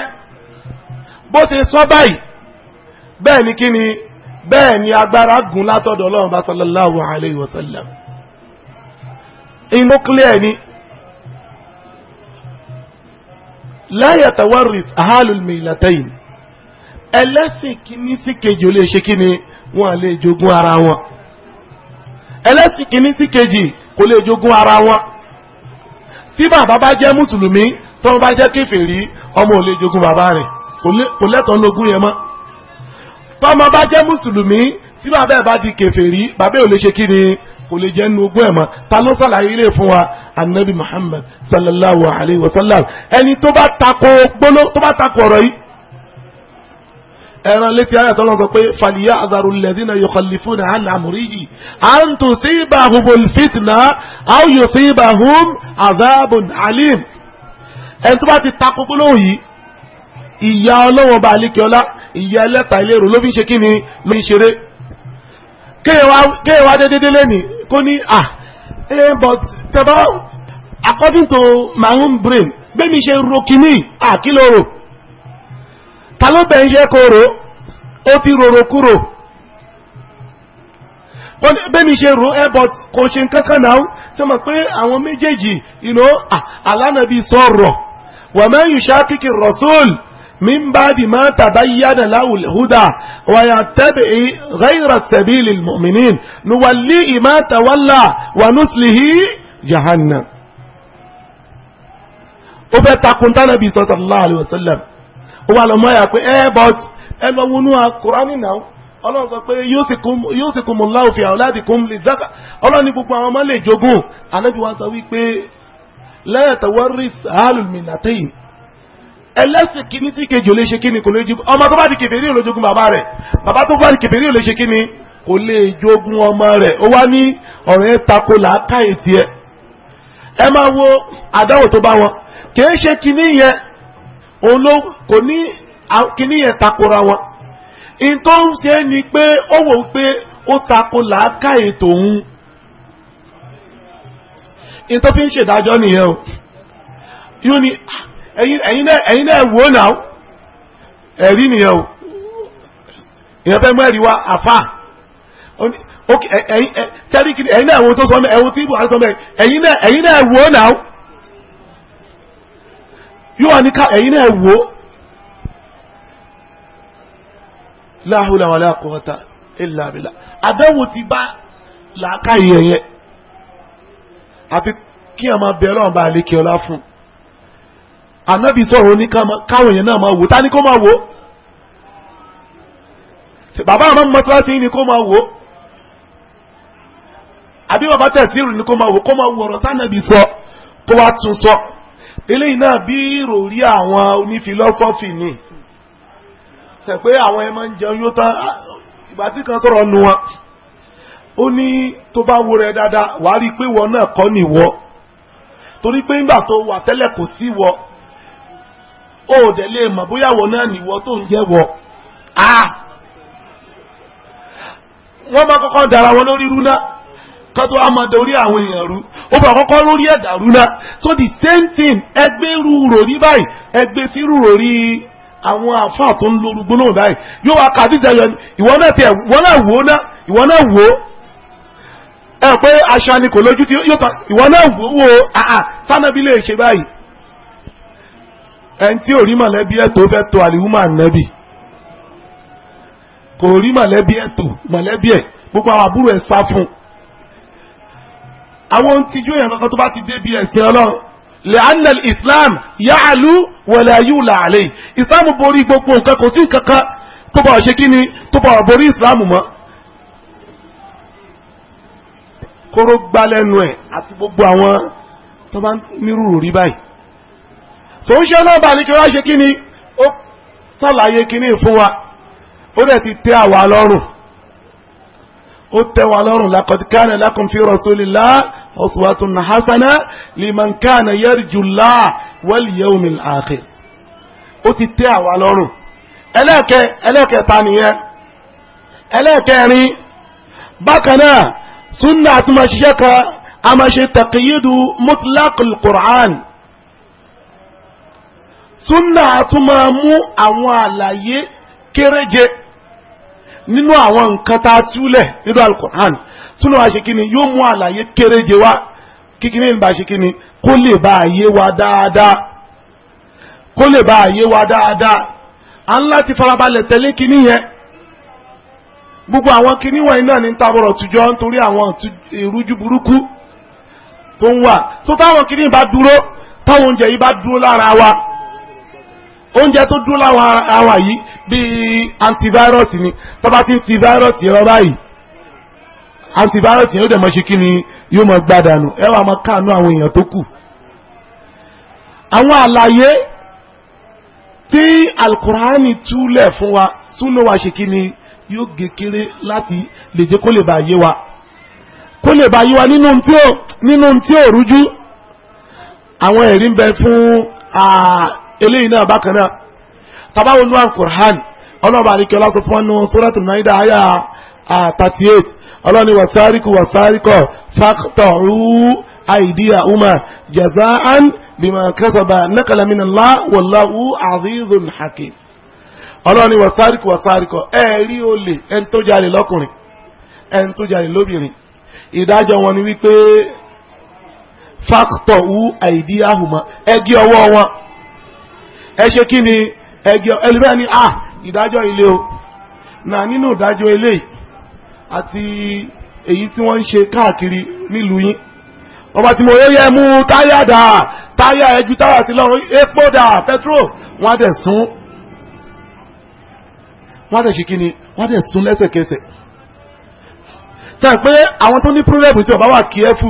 bó ti sọ báyìí bẹ́ẹ̀ ni kí ni bẹ́ẹ̀ ni agbára gùn látọ̀dọ̀ ọlọ́run bá sallallahu alayhi wa sallam inú clear ni la yatawarris ahalul milatayn ẹlẹ́sìn kìíní sí kejì ò lè ṣe kí ni wọn lè jogún ara wọn ẹlẹ́sìn kìíní sí kejì kò lè jogún ara wọn tí bàbá bá jẹ́ mùsùlùmí tó bá jẹ́ kèfèrí ọmọ ò lè jogún bàbá rẹ̀ kò lẹ́tọ̀ọ́ lógún yẹn mọ́ tọ́mọ bá jẹ́ mùsùlùmí tí bàbá ẹ̀ bá di kèfèrí bàbá ò lè ṣe kí ni kò lè jẹ́ nu ogún ẹ̀ mọ́ ta ló sàlàyé ilé fún wa anabi muhammad sallallahu alayhi wa sallam ẹni tó bá takò gbóló tó bá takò ọ̀rọ̀ yìí ẹran létí ayé àtọ́lọ́ sọ pé fàlìyà àzàrò lẹ́dínà yọkànlífún náà àná àmúríyì à ń tún sí ìbáhùn olùfitìnà àwọn yóò sí ìbáhùn àzàbùn alim ẹni tó bá ti takò gbóló yìí ìyá ọlọ́wọ́ bá alékeọlá ìyá ẹlẹ́ta ìlérò ló fi ṣe kí ni ló fi ṣeré kéèyàn wá dédédé lẹ́nìí kó ní à ẹ but tẹ́bá according to my own brain gbẹ́mi ṣe ro kìíní àkílòrò ta ló bẹ̀ ń ṣe kóró ó ti rorò kúrò gbẹ́mi ṣe ro ẹ but kò ṣe nǹkan kan náà ṣe mọ̀ pé àwọn méjèèjì you àlànà bíi sọ̀rọ̀ wàmẹ́yìn ṣáàkìkì rọ̀súùlù. من بعد ما تبين له الهدى ويتبع غير سبيل المؤمنين نوليه ما تولى ونسله جهنم ó fẹ́ takun tánàbí sallallahu alaihi wasallam ó wà lọ́mọ yà pé ẹ eh, but ẹ lọ wọnú Kùránì náà ọlọ́run sọ pé yusikumullahu fi auladikum lizaka ọlọ́run ní gbogbo àwọn ọmọ lè jogún ànábì wa sọ wípé la yatawarris ahlul minnatayn ẹlẹ́sìn kìíní tí kejì ò lè ṣe kíni kò lè jogún ọmọ tó bá di kèfèrí ò lè bàbá rẹ̀ bàbá tó bá di kèfèrí ò ṣe kíni kò lè jogún ọmọ rẹ̀ ó wá ní ọ̀rọ̀ yẹn tako làákàyè tiẹ̀ ẹ máa wo àdáwò tó bá wọn kìí ṣe kíní yẹn òun ló kò ní kíní yẹn takora wọn ìtọ́ ń ṣe ni pé ó wò pé ó tako làákàyè tòun ìtọ́ fi ń ṣèdájọ́ nìyẹn o yóò ní. Ah, ẹ̀yin náà wò náà ẹ̀rí nìyẹn o ìyẹn fẹ́ mẹ́rin wa àfà tẹ́ríkìlì ẹ̀yin náà wò tó sọ ẹ̀wọ̀n tí ibùdó sọ mẹ́rin ẹ̀yin náà wò náà yóò wà ní ká ẹ̀yin náà wò la hawla wala quwwata illa billah àbẹ̀wò ti bá làákàyè ẹ̀yẹ àfi kí ẹ̀ máa bẹ̀rẹ̀ ọ̀nba àlékè ọlá fún un ànábì sọ̀rọ̀ ní káwọn èèyàn náà máa wò ta ni kó máa wò bàbá àmọ́ mọ́tíláṣí yìí ni kó máa wò àbí bàbá tẹ̀síìrù ni kó máa wò kó máa wò ọ̀rọ̀ tánàbì sọ kó wá tún sọ eléyìí náà bí ìròrí àwọn onífilọ́sọ́fì ni tẹ̀ pé àwọn ẹ̀ máa ń jẹun yóò tán ìgbà tí kan sọ̀rọ̀ nu wọn ó ní tó bá wo rẹ dáadáa wàá rí i pé ìwọ náà kọ́ nìwọ torí pé nígbà tó wà tẹ́lẹ̀ kò sí ìwọ ó dẹ̀ lè mọ̀ bóyá wọ náà nìwọ tó ń jẹ́ wọ. wọ́n kọ́kọ́ dara wọn lórí rú náà a máa dorí àwọn èèyàn rú ó bá kọ́kọ́ lórí ẹ̀dà so the same thing ẹgbẹ́ rú ròrí báyìí ẹgbẹ́ sí rú ròrí àwọn àfáà tó ń lóru gbóná báyìí yóò wá kàdíjà yọ ìwọ náà tiẹ̀ ìwọ náà wò ó náà ìwọ náà wò ó ẹ pé aṣọ ni lójú tí yóò tán ìwọ náà sanabi lè ṣe ẹni tí ò rí mọ̀lẹ́bí ẹ̀tọ́ fẹ́ tó àlìhùmà nẹ́bì kò rí mọ̀lẹ́bí ẹ̀tọ́ mọ̀lẹ́bí ẹ̀ gbogbo àwọn àbúrò ẹ̀ sá fún un. àwọn ohun tíjú èèyàn kankan tó bá ti débi ẹ̀sìn ọlọ́run lẹ́hánà islam yáàlú wẹ̀lẹ̀ ayú làálẹ̀ islam borí gbogbo nǹkan kò sí nǹkan kan tó bá ṣe kí ni tó bá borí islam mọ́. kóró gbá ẹ̀ àti gbogbo àwọn tó bá nírú rí báyìí tó ń ṣe náà bá ní kí wọ́n ṣe kí ni ó tàlàyé kí ni fún wa ó dẹ̀ ti tẹ́ àwa lọ́rùn ó tẹ́ wa lọ́rùn laqad kana lakum fi rasulillah uswatun hasana liman kana yarjullaha ó ti tẹ́ àwa lọ́rùn ẹlẹ́ẹ̀kẹ́ ẹlẹ́ẹ̀kẹta nìyẹn ẹlẹ́ẹ̀kẹrin bákan náà sunna àtúmọ̀ kan a máa mutlaq al súnà tún máa mú àwọn àlàyé kéréje nínú àwọn nǹkan tá a túlẹ̀ nínú alukur'an súnà wa ṣe kí ni yóò mú àlàyé kéréje wá kíkiri ìbá ṣe kí ni kó lè bá àyè wa dáadáa kó lè bá àyè wa dáadáa à ń láti farabalẹ̀ tẹ̀lé kíní yẹn gbogbo àwọn kíní wọ̀nyí náà ní tabọ̀rọ̀ tùjọ́ nítorí àwọn ìrújú burúkú tó ń wà tó táwọn kíní bá dúró táwọn oúnjẹ yìí bá dúró lára wa. oúnjẹ tó dúró láwọn àwà yìí bíi antivirus ni tọ́ba ti ń ti virus yẹn báyìí antivirus yẹn ó dẹ̀ mọ́ ṣe kí ni yóò mọ́ gbádànù ẹ wàá mọ́ káànú àwọn èèyàn tó kù. àwọn àlàyé tí alukurani túlẹ̀ fún wa súnú wa ṣe kí ni yóò gé kéré láti lè jẹ́ kó lè bá yé wa kó lè bá yé wa nínú tí ò nínú tí ò rújú àwọn ẹ̀rí ń bẹ fún eléyìí náà bákan náà tabawo nu alukur'an ọlọ́ba àríkẹ́ ọlọ́tún fún ọ́nù sóràtù náírà àyà thirty eight ọlọ́ni wasaariku wasaarikọ faqta'u aydiyahuma jaza'an bima kasaba naqala minallahi wallahu azizun hakim ọlọ́ni wasaariku wasaarikọ ẹ̀ẹ́rí olè ẹni tó jalè lọ́kùnrin ẹni tó jalè lóbìnrin ìdájọ́ wọn ni wípé faqta'u aydiyahuma ẹgí ọwọ́ wọn ẹ ṣe kí ni ẹgbẹ́ ẹlẹ́bẹ́ ni ah ìdájọ́ ilé o na nínú ìdájọ́ ilé àti èyí tí wọ́n ń ṣe káàkiri nílùú yín ọba tí mo yẹ yẹ mú táyà dà táyà ẹjú táyà sí lọ́rùn epo dà petrol wọ́n á dẹ̀ sún wọ́n á dẹ̀ ṣe kí ni wọ́n á dẹ̀ sún lẹ́sẹ̀kẹsẹ̀ tẹ̀ pé àwọn tó ní pírọ́lẹ́bù tí ọba wà kí ẹ fù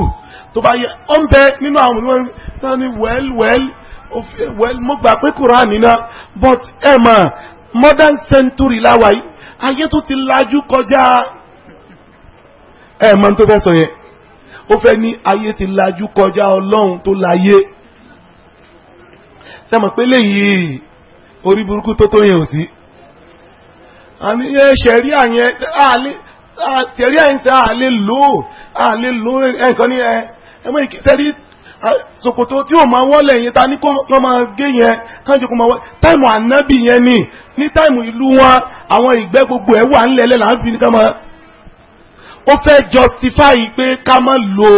tó bá yẹ ọ́n bẹ nínú àwọn ìwọ̀n ní wẹ́ẹ́lì wẹ́ẹ́lì well mo gbà pé Quran nínà but ẹ mọ̀ modern century láwa yìí ayé tó ti lajú kọjá ẹ mọ̀ tó fẹ́ sọ yẹn ó fẹ́ ní ayé ti lajú kọjá ọlọ́run tó láyé ṣe mọ̀ pé léyìí orí burúkú tó tó yẹn ò sí àní ṣẹ̀rí àyẹn ṣẹ̀rí àyẹn ṣe àlè lò àlè lò ẹ̀kan ní ẹ ẹ̀mọ́ ìkẹsẹ̀rí ṣòkòtò tí ò máa wọ́lẹ̀ yẹn ta ní kọ́ máa gé yẹn kánjú kó máa wọ́lẹ̀ táìmù ànábì yẹn ni ní táìmù ìlú wọn àwọn ìgbẹ́ gbogbo ẹ̀ wà ńlẹ̀lẹ̀ là ń fi ní ká máa. ó fẹ́ justify pé ká má lo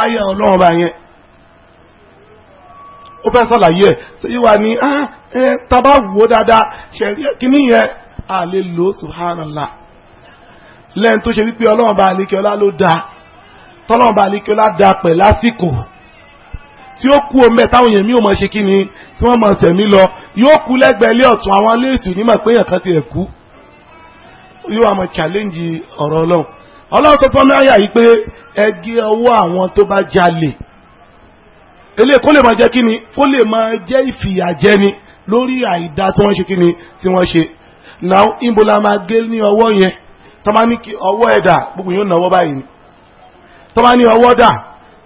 ayé ọlọ́run ọba yẹn. ó fẹ́ sàlàyé ẹ̀ ṣéyí wà ní ah, tábà wò ó dáadáa ṣẹ̀rí kíní yẹn à lè lò ó subhanallah lẹ́yìn tó ṣe wípé ọlọ́run ọba àlékè ọlá ló dáa tọ́lọ́run ọba àlékè ọlá dáa pẹ̀ lásìkò tí ó kú omi ẹ̀ táwọn èèyàn mi ò mọ̀ ṣe kí ni tí wọ́n mọ̀ sẹ̀mí lọ yóò kú lẹ́gbẹ̀ẹ́ ilé ọ̀tún àwọn aléèsù nímọ̀ pé èèyàn kan ti ẹ̀ kú yóò àmọ̀ challenge ọ̀rọ̀ ọlọ́run ọlọ́run tó fọ́nmọ́ àyà yìí pé ẹ gé ọwọ́ àwọn tó bá jalè eléyìí kó lè máa jẹ́ kí ni kó lè máa jẹ́ ìfìyàjẹni lórí àìdá tí wọ́n ṣe kí ni tí wọ́n ṣe now ibo la máa gé ní ọwọ́ yẹn tó máa ní ọwọ́ ẹ̀dà gbogbo yóò náwó báyìí ni tó máa ní ọwọ́ dà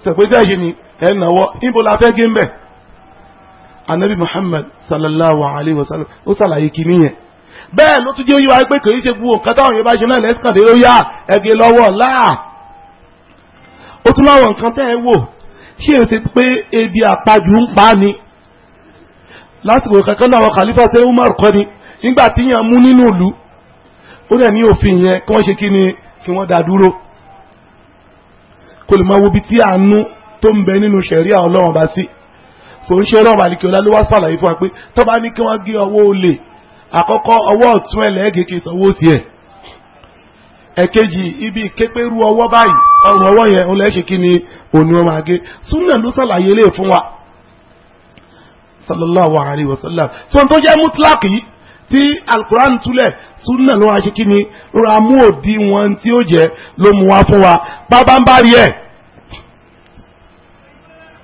sẹ̀pẹ́tẹ̀ yìí ni ẹ nàwọ́ níbo la fẹ́ gé ń bẹ̀ anabi muhammad sallallahu alayhi wa sallam ó ṣàlàyé kìíní yẹn bẹ́ẹ̀ ló tún jẹ́ yíwa pé kò í ṣe gbogbo nǹkan táwọn yorùbá ṣe náà lẹ́sìkàn dé lórí à ẹgbẹ́ lọ́wọ́ láà ó tún láwọn nǹkan tẹ́ ẹ wò ṣé èsì pé ebi àpajù ń pa ni lásìkò kankan náà àwọn khalifa ṣe umar kọ́ ni nígbà tí yàn mú nínú ìlú ó dẹ̀ ní òfin yẹn kí wọ́n ṣe kí ni kí wọ́n dá dúró kó lè máa wo ibi tí àánú tó ń bẹ nínú ṣẹ̀ríà ọlọ́run ọba sí so ń ṣe ọlọ́run àlìkè ọlá ló wá sàlàyé fún wa pé tó bá ní kí wọ́n gé ọwọ́ olè àkọ́kọ́ ọwọ́ ọ̀tún ẹlẹ́gẹ̀ẹ́ kì í sanwó sí ẹ̀ ẹ̀kejì ibi képeru ọwọ́ báyìí ọrùn ọwọ́ yẹn ó lẹ́ṣẹ̀ kí ni òní ọmọ àgé súnà ló sàlàyé lè fún wa sallallahu alayhi wa sallam sọ tó jẹ́ mú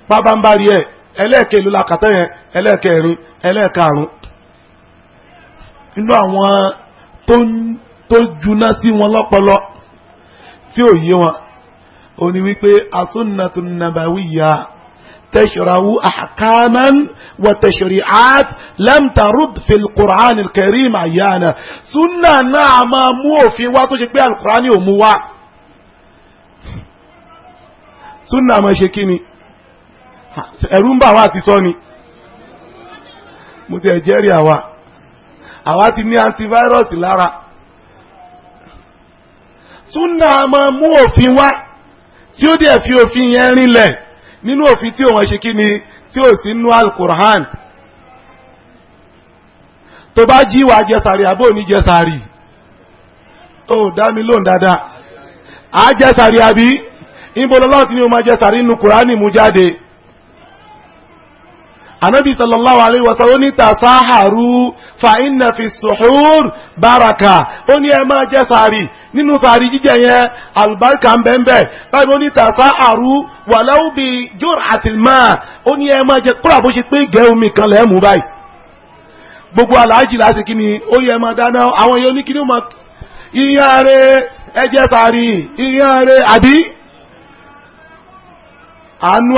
bàbá ń bá rí ẹ ẹlẹ́ẹ̀kẹ́ ìlú làkàtà yẹn ẹlẹ́ẹ̀kẹrin ẹlẹ́ẹ̀karùn nínú àwọn tó juná sí wọn lọ́pọlọ tí ò yé wọn ó ní wípé asúnnàtú nàbàwíyà tẹ̀sọ̀ràwù àkàmán wà tẹ̀sọ̀rìàt lẹ́mtàrúd fil kùránì kẹrìm àyànà súnà náà máa mú òfin wá tó ṣe pé alukùránì ò mú wá súnà máa ṣe kí ni ẹ̀rú ń bà wá àti sọ ni mo ti ẹ̀ jẹ́rìí àwa àwa ti ní antivirus lára súnà máa mú òfin wá tí ó dẹ̀ fi òfin yẹn rinlẹ̀ nínú òfin tí òun ṣe kí ni tí ò sí nú alukur'an tó bá jí wàá jẹ sàrí àbó ní jẹ sàrí dá mi lóhùn dáadáa àá jẹ àbí ìbọn lọ́wọ́ ni ó máa jẹ sàrí nínú kùránì jáde anabi sallallahu alayhi wa sallam ó ní tasaharu fa inna fi suhur baraka ó ní ẹ máa jẹ sàárì nínú sàárì jíjẹ yẹn albarka ń bẹ́ẹ̀ báyìí ó ní tasaharu walau bi jur'atil ma ó ní ẹ máa jẹ kúrò àbó ṣe pé ìgẹ́ omi kan lẹ́ẹ̀ mú báyìí gbogbo aláàjì láti kí ni ó yẹ máa dáná àwọn yẹn oníkíní máa iyán ẹjẹ sàárì iyán rẹ àbí àánú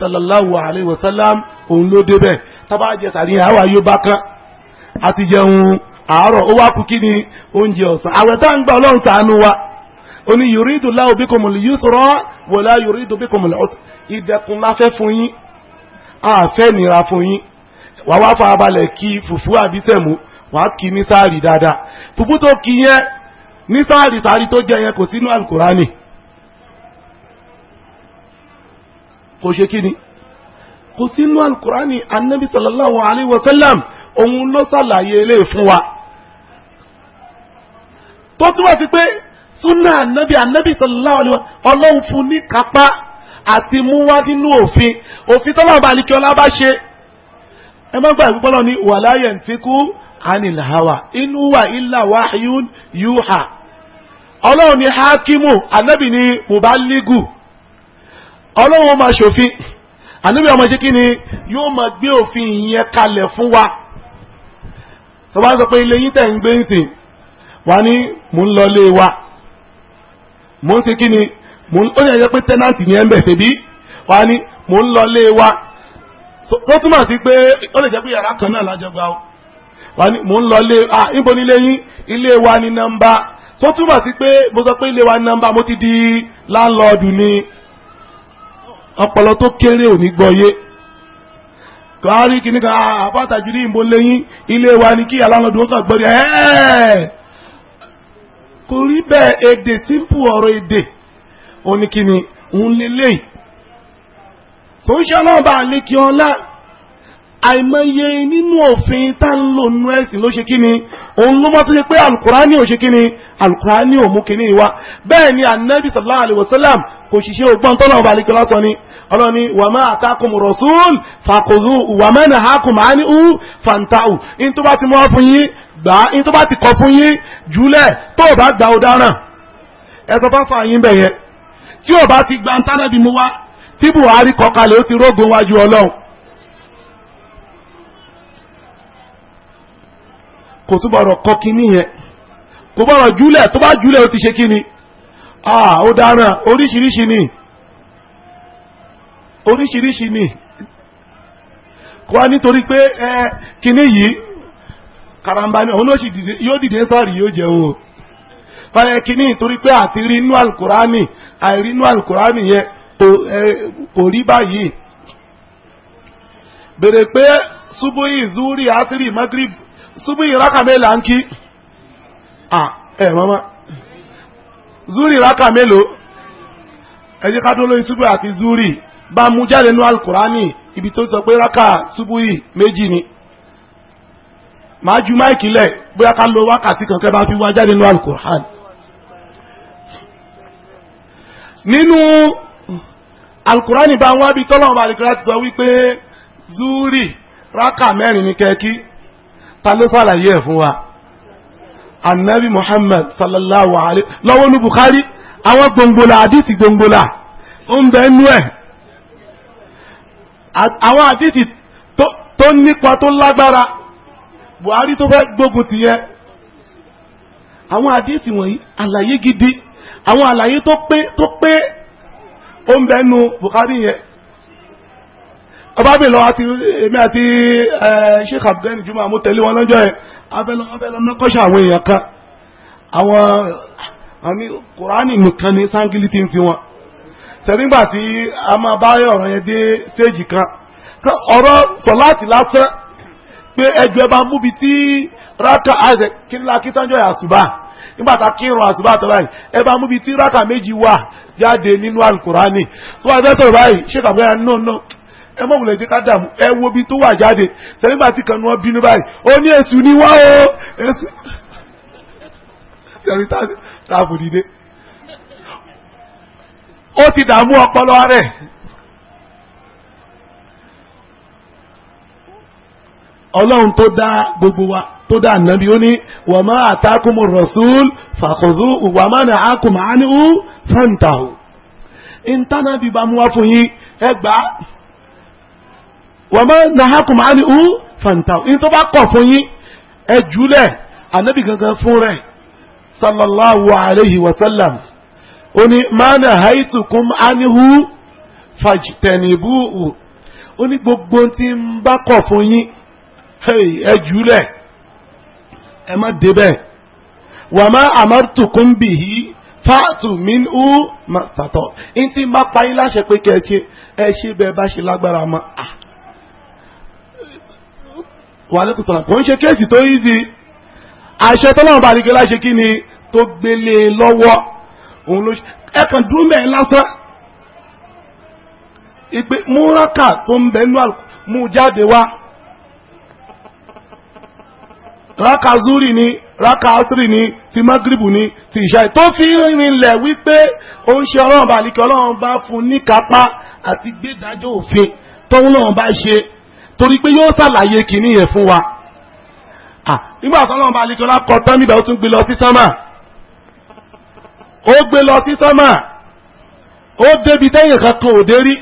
sallallahu alayhi wa sallam òun ló débẹ̀ tábà jẹ sàrí àwa yóò bá kán àti jẹun àárọ̀ ó wá kú kí ni oúnjẹ ọ̀sán àwẹ̀ tá ń gbà ọlọ́run sàánú wa ó ní yuridu Allahu bikumul yusra wala yuridu bikumul usra ìdẹ̀kùn la fẹ́ fún yín àfẹ́ nira fún yín wà wá fa abalẹ̀ kí fùfú àbísẹ̀mú wà á kí ní sáàrì dáadáa fùfú tó kí yẹn ní sáàrì sáàrì tó jẹ yẹn kò sínú àlùkùránì kò ṣe kí ni kò sínú alukurani anabi sallallahu alayhi wa sallam òun ló ṣàlàyé ilé fún wa. tó túmọ̀ sí pé sunna anabi anabi sallallahu alayhi wa ọlọ́run fún ní kápá àti mú wá nínú òfin òfin tọ́lá ọba àlìkí ọlá bá ṣe. ẹ má gbàgbé pọ́lọ́ ní wala yantiku anil hawa in huwa illa wahyun ọlọ́run ní hakimu anabi ní mubaligu ọlọ́run ó máa ṣòfin ànábì ọmọ ṣe kí ni yóò máa gbé òfin ìyẹn kalẹ̀ fún wa tó bá sọ pé ilé yín tẹ̀ ń gbé ń sìn ní mò ń lọ lé wa mò ń ṣe kí ni mò ń ó yẹ pé tẹ́nàntì ni ẹ ń bẹ̀ ṣe bí wá ní mò ń lọ lé wa tó túmọ̀ sí pé ó lè jẹ́ pé yàrá kan náà lájọ gba o wá ní mò ń lọ lé ah níbo ni ilé yín ilé wa ni nọ́mbà tó túmọ̀ sí pé mo sọ pé ilé wa ni nọ́mbà mo ti di láńlọ́ọ̀dù ni ọpọlọ tó kéré ò ní gbọ́ yé kọ́rí kìíní kan àbáta jùlọ ìbò lẹ́yìn ilé wa ni kí alálọ́dún ó kàn gbọ́ ni ẹ́ẹ́ kò rí bẹ́ẹ̀ èdè símpù ọ̀rọ̀ èdè oníkìíní ń lélẹ́yìí tó ń ṣe ọlọ́ọ̀bà àlékí ọlá àìmọye nínú òfin tá ń lò nínú ẹ̀sìn ló ṣe kíni òun ló mọ́ tó ṣe pé alukurani ò ṣe kíni alukurani ò mú kíni wá bẹ́ẹ̀ ni anabi sallallahu alayhi wa sallam kò ṣiṣẹ́ ọgbọ́n tọ́lá ọba àlejò lásán ni ọlọ́ni wa ma atakum rasul fàkóso wa ma nahakum anhu fantau in tó bá ti mọ́ fún yín gbà in tó bá ti kọ́ fún yín jùlẹ̀ tó o bá gba ọ̀daràn ẹ̀sọ́ bá fà yín bẹ̀yẹ tí o bá ti gba ntánàbí mu wá tí Buhari kọ kalẹ̀ ó ti rógun wájú Ọlọ́run kò tún bọ̀rọ̀ kọ́ kínní yẹn kò bọ̀rọ̀ júlẹ̀ tó bá júlẹ̀ ó ti ṣe kínní ah ó dára oríṣiríṣi ni oríṣiríṣi ni kò wá nítorí pé ẹ kínní yìí karamba ni òun ló sì dìde yóò dìde sáré yóò jẹ o fàyẹ kínní torí pé àti rí inú alukurani àìrí inú alukurani yẹn kò rí báyìí bèrè pé subuhi zuri asiri magrib ṣubú ìrákà mélòó ń kí ẹ mọ́mọ́ zúrì ìrákà mélòó ẹ jẹ́ ká tó lóyún ṣubú àti zúrì bá mú jáde nú alukurani ibi tó sọ pé rákà ṣubú yìí méjì ni màá ju máìkì lẹ̀ bóyá ká lo wákàtí kan kẹ́ bá fi wá jáde nú alukurani. nínú alukurani bá wọn bí tọ́lọ́mọba àdìgbà ti sọ wípé zúrì rákà mẹ́rin ni kẹ́kí ta ló sàlàyé ẹ̀ fún wa anabi muhammad sallallahu alayhi lọ́wọ́ ní bukhari àwọn gbòǹgbòlà àdìsí gbòǹgbòlà ń bẹ nú ẹ̀ àwọn àdìsí tó nípa tó lágbára buhari tó fẹ́ gbógun ti yẹ àwọn àdìsí wọ̀nyí àlàyé gidi àwọn àlàyé tó pé tó pé ó ń bẹ nú bukhari yẹn ọba bèèrè lọ́wọ́ àti èmi àti Sheikh Abdul Juma mo tẹ̀lé wọn lọ́jọ́ yẹn abẹ́lọ́ abẹ́lọ́ mẹ́kọ́ṣẹ́ àwọn èèyàn kan àwọn àmì kùránì nìkan ní sáńgìlì tí ń ti wọn tẹ̀nígbà tí a máa bá ọ̀rọ̀ yẹn dé stéèjì kan ọ̀rọ̀ sọ láti lásán pé ẹjọ́ ẹ bá múbi tí rákà isaac kínílá kítánjọ́ àṣùbà nígbà tá kírun àṣùbà tó báyìí ẹ bá múbi tí rákà méjì wà jáde nínú alukùránì tó wà fẹ́ sọ̀rọ̀ báyìí ṣé kàbẹ́rẹ́ náà náà ẹ mọ̀ wùlẹ̀ jẹ́ ká dààmú ẹ wo bí tó wà jáde sẹ́nìgbà tí kan wọn bínú báyìí ó ní èṣù ni wá o èṣù sẹ́ni táàbù dìde ó ti dààmú ọpọlọ rẹ̀. ọlọ́run tó dá gbogbo wa tó dá ànábi ó ní wa ma atakumu rasul fakhudhu wa ma na'akum anhu fantahu. ìntànàbí bá mú wá fún yín ẹ gbà á wọ́n máa ń nahakùn máa ní ú fàǹtà ní tó bá kọ̀ fún yín ẹ jùlẹ̀ ànábì gangan fún rẹ̀ sallallahu alayhi wa sallam ó ní máa nà haitukum anihu fàjtẹ̀nìbúù ó ní gbogbo tí ń bá kọ̀ fún yín ẹ jùlẹ̀ ẹ má débẹ̀ wà má amartukum bihi fáàtù min ú tàtọ̀ ní tí ń bá pa yín láṣẹ pé kẹ́ ẹ ṣe bẹ́ẹ̀ bá ṣe lágbára mọ́ ah, wà lẹ́kùn sọ̀rọ̀ kò ń ṣe kéèsì tó easy àṣẹ tọ́lọ́run bá nìkan láṣẹ kí ni tó gbélé lọ́wọ́ òun ló ẹ kàn dúró mẹ́rin lásán ìpè múrákà tó ń bẹ nú mú jáde wá raka zuri ni raka asiri ni ti magribu ni ti ìṣáì tó fi rinlẹ̀ wípé ó ń ṣe ọlọ́run bá àlìkẹ́ ọlọ́run bá fún níkápá àti gbẹ́dájọ́ òfin tóun náà bá ṣe torí pé yóò ṣàlàyé kìíní yẹn fún wa nígbà tó náà bá lè kọ́lá kọ tán níbẹ̀ ó tún gbé lọ sí sánmà ó gbé lọ sí sánmà ó débi tẹ́yìn kankan òde rí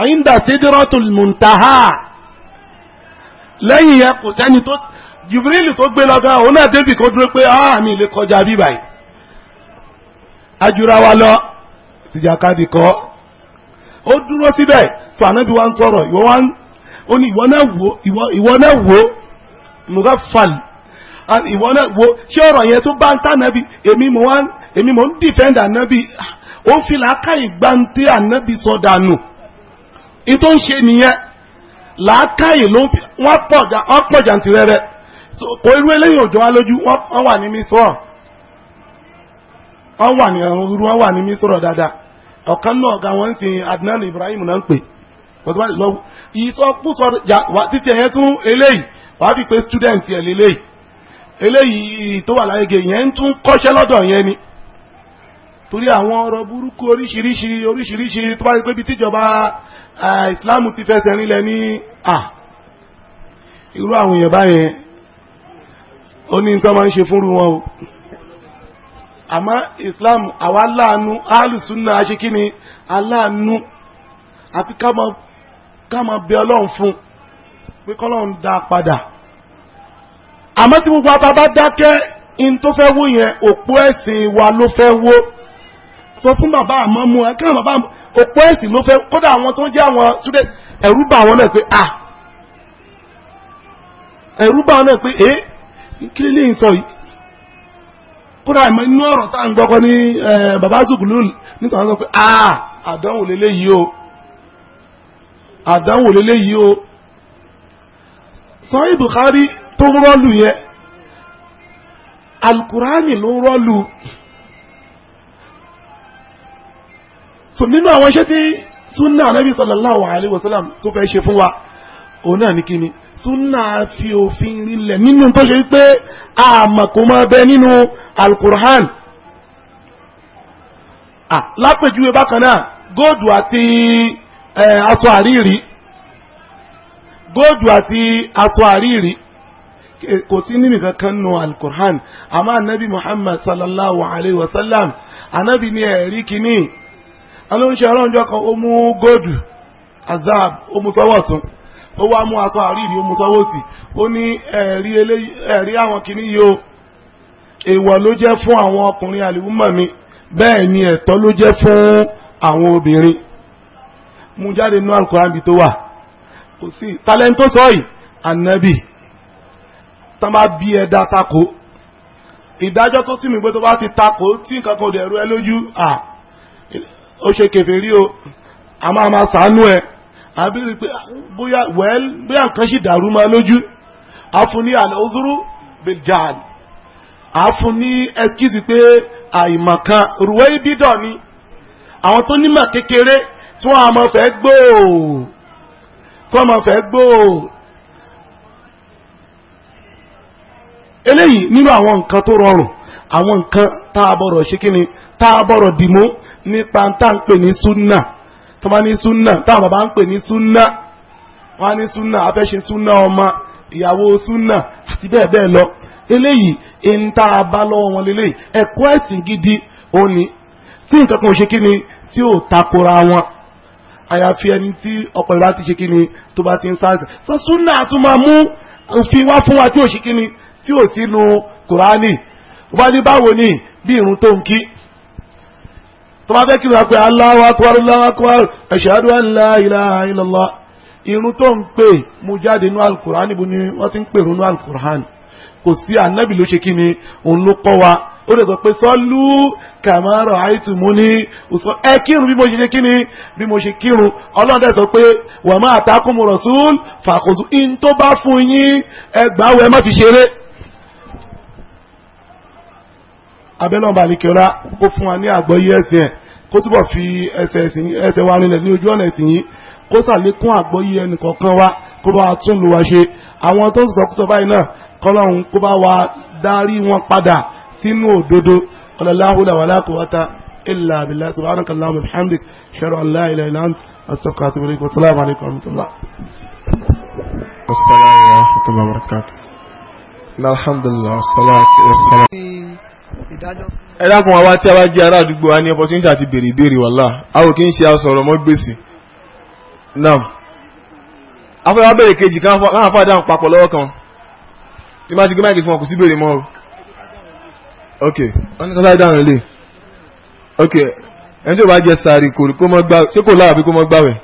ayínda Sidratul Muntaha lẹ́yìn yẹn kò sẹ́ni tó Jibril tó gbé lọ gan òun náà débi kó dúró pé àmì ah, lè kọjá bí báyìí ajura wa lọ tìjàkadì kọ́ ó dúró síbẹ̀ sọ ànábi wa ń sọ̀rọ̀ ìwọ wa ń. ó ní ìwọ náà wò ìwọ náà wò mugafal ìwọ náà emi mo wá èmi mo o dìfẹ́ndà fi làákàyè gbàǹtẹ ànábì sọdà nù ìtò ń ṣe nìyẹn làákàyè ló ń fi wọ́n pọ̀ jàǹtìrẹrẹ kò irú eléyìí òjò wa lójú wọ́n wà ní mísọ̀rọ̀ wọ́n wà ní ọ̀run wọ́n wà ní dáadáa náà wọn Adnan Ibrahim náà ń pè tọ́tí bá lọ ìsọkúsọ títí ẹ̀yẹ tún eléyìí wàá fi pé student yẹn lélẹ́yìí eléyìí tó wà láyége yẹn ń tún kọ́ṣẹ́ lọ́dọ̀ yẹn ni torí àwọn ọ̀rọ̀ burúkú oríṣiríṣi oríṣiríṣi tó bá rí pé bí tíjọba ìsìláàmù ti fẹsẹ̀ rinlẹ̀ ní à irú àwọn èèyàn báyẹn ó ní nǹkan máa ń ṣe fúnru wọn o àmọ́ islam àwa láàánú alùsùnà aṣekíni aláàánú àti ká máa ká máa bẹ ọlọ́run fún pé kọ́lọ́run dá a padà àmọ́ tí gbogbo apá bá dákẹ́ in tó fẹ́ wó yẹn òpó ẹ̀sìn wa ló fẹ́ wó sọ fún bàbá àmọ́ mu ẹ kí bàbá òpó ẹ̀sìn ló fẹ́ kódà àwọn tó ń jẹ́ àwọn súdẹ̀ ẹ̀rú bá àwọn náà pé à ẹ̀rú bá àwọn náà pé ẹ kí lè ń sọ yìí kódà ìmọ̀ inú ọ̀rọ̀ tá à ń gbọ́kọ́ ní bàbá zùkúlù nítorí wọn sọ pé à àdánwò lélẹ́yìí o àdánwò lélẹ́yìí o sọ́yìn Bukhari tó ń rọ́ọ̀lù yẹn alukurani ló ń rọ́ọ̀lù so nínú àwọn iṣẹ́ tí súnà anábì sallallahu alayhi wa sallam tó fẹ́ ṣe fún wa òun náà ní kíni súnà fi òfin rinlẹ̀ nínú tó ṣe pé àmọ́ bẹ nínú alukur'an lápèjúwe bákan náà góòdù àti aṣọ àríìrí góòdù àti aṣọ àríìrí kò sí nínú kankan nù alukur'an àmọ́ anabi muhammad sallallahu alayhi wa sallam anabi ni ẹ̀rí kìíní alóńṣe ọlọ́njọ́ kan ó mú góòdù azab ó mú sọ́wọ́ tún ó wá mú aṣọ àríìrí ó mú sọ́wọ́ sí ó ní ẹ̀rí àwọn kìíní yìí o èèwọ̀ ló jẹ́ fún àwọn ọkùnrin àlùmọ̀ mi bẹ́ẹ̀ ni ẹ̀tọ́ ló jẹ́ fún àwọn obìnrin mú jáde nínú alukoran bí tó wà kò sí talent tó anabi tá bá bí ẹ dá tako ìdájọ́ tó sì mí pé tó bá ti tako tí nǹkan kan ò dẹ̀ ru ẹ lójú à ó ṣe kèfèrí o a máa ma sàánú ẹ àbí pé bóyá wẹ́ẹ́l bóyá nǹkan sì dàrú máa lójú àfun ní àlọ́zúrú bèjàl àfun ní ẹkísì pé àìmọ̀kan rúwẹ́ ibìdàn ni àwọn tó nímọ̀ kékeré tí wọ́n àmọ́ fẹ́ gbòò tí wọ́n àmọ́ fẹ́ gbòò. eléyìí nínú àwọn nǹkan tó rọrùn àwọn nǹkan tá a bọ̀rọ̀ ṣe kí ni tá a bọ̀rọ̀ dìmú nípa tá à ń pè ní súnà tó bá ní súnà tá àwọn bàbá ń pè ní súnà wọn á ní súnà a fẹ́ ṣe súnà ọmọ ìyàwó súnà àti bẹ́ẹ̀ bẹ́ẹ̀ lọ eléyìí ń tá a bá lọ́wọ́ wọn lélẹ́yìí ẹ̀kọ́ ẹ̀sìn gidi òní tí nǹkan kan ò ṣe kí ni tí ò takora wọn àyàfi ẹni tí ọkọ̀ ìbá ti ṣe kí ni tó bá ti ń sáàsì sọ súnà tún máa mú òfin wá fún wa tí ò ṣe kí ni tí ò sínú kùránì wọ́n ní báwo ni bí irun tó ń kí tó bá fẹ́ kí wọ́n pe Allahu akbar Allahu akbar ashhadu an la ilaha illallah irun tó ń pè mú jáde nú alukùránì bó ni wọ́n ti ń pè rún nú alukùránì kò sí ànábì ló ṣe kí ni òun ló kọ́ wa ó lè sọ pé sọlú kàmárọ̀ àìtùmú ní ẹ kírun bí mo ṣe ṣe kíni bí mo ṣe kírun ọlọ́run dẹ̀ sọ pé wà máa takum rasul fàkóso in tó bá fún yín ẹgbàá wẹ má fi ṣeré. abẹ́lẹ́ ọba àlekèọ́lá kó fún wa ní àgbọ́yé ẹ̀sìn ẹ̀ kó túbọ̀ fi ẹsẹ̀ wa rinlẹ̀ ní ojú ọ̀nà ẹ̀sìn yìí kó sàlékún àgbọ́yé ẹnìkọ̀ọ̀kan wa kó bá tún lù wá ṣe àwọn tó ń sọkúsọ báyìí náà kọ́lọ́run kó bá wa darí wọn padà sínú òdodo ọlọ́láhùlà wàlá quwwata illa billah subhanaka allahumma bihamdik ṣẹ́rọ aláìlẹ̀ ìlànà àtọ́kà àti ìrìnkú salamu alaykum wa rahmatullah. assalamu alaykum wa rahmatullah wa barakatuh. alhamdulillah salatu wassalam. ẹ dákun wa wá tí a bá jẹ́ ará àdúgbò wa ní opportunity àti béèrè ìbéèrè wàlá a ò kí ń ṣe àsọ̀rọ̀ mọ́ gbèsè náà afẹ́wà béèrè kejì kan àfáàdà ń papọ̀ lọ́wọ́ kan tí má ti gbé máìkì fún ọkùn sí béèrè mọ́ o ok wọ́n ní kọ́ sáré dáhùn lè ok ẹni tí ó bá jẹ sáré kò mọ́ gbáwẹ̀ ṣé kò láwẹ̀ àbí kò mọ́ gbáwẹ̀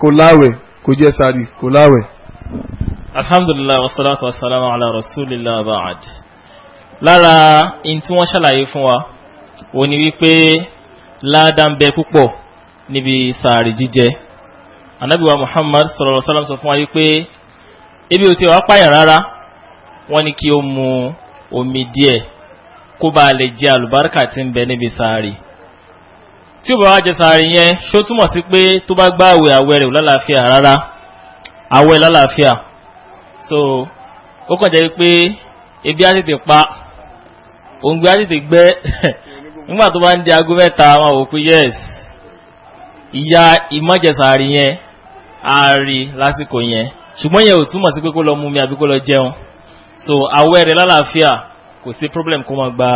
kò láwẹ̀ kò jẹ sáré kò láwẹ̀. alhamdulilayi wa salatu wa salamu ala rasulillah ba'ad lára in tí wọ́n ṣàlàyé fún wa wọ́n ní wípé láàdá ń bẹ púpọ̀ níbi sàárì jíjẹ anábìwá muhammad sallallahu alaihi wasallam sọ fún wa wípé ebi ò tí wàá pààyàn rárá wọ́n ní kí ó mu omi díẹ̀ kó bá lè jẹ àlùbáríkà tí ń bẹ níbi sàárì tí ó bá wá jẹ sàárì yẹn ṣó túmọ̀ sí pé tó bá gba àwẹ̀ àwẹ̀ rẹ̀ lálàáfíà rárá àwẹ̀ lálàáfíà so ó kàn jẹ́ pé ebi á tètè pa òǹgbẹ á tètè gbẹ nígbà tó bá ń di aago mẹ́ta wọn ò pé yes ìyá ìmọ̀jẹsàárì yẹn á lásìkò yẹn ṣùgbọ́n yẹn ò túmọ̀ sí pé kó lọ mú mi àbí kó lọ jẹun so àwẹ̀ rẹ̀ lálàáfíà kò sí problem kó máa gba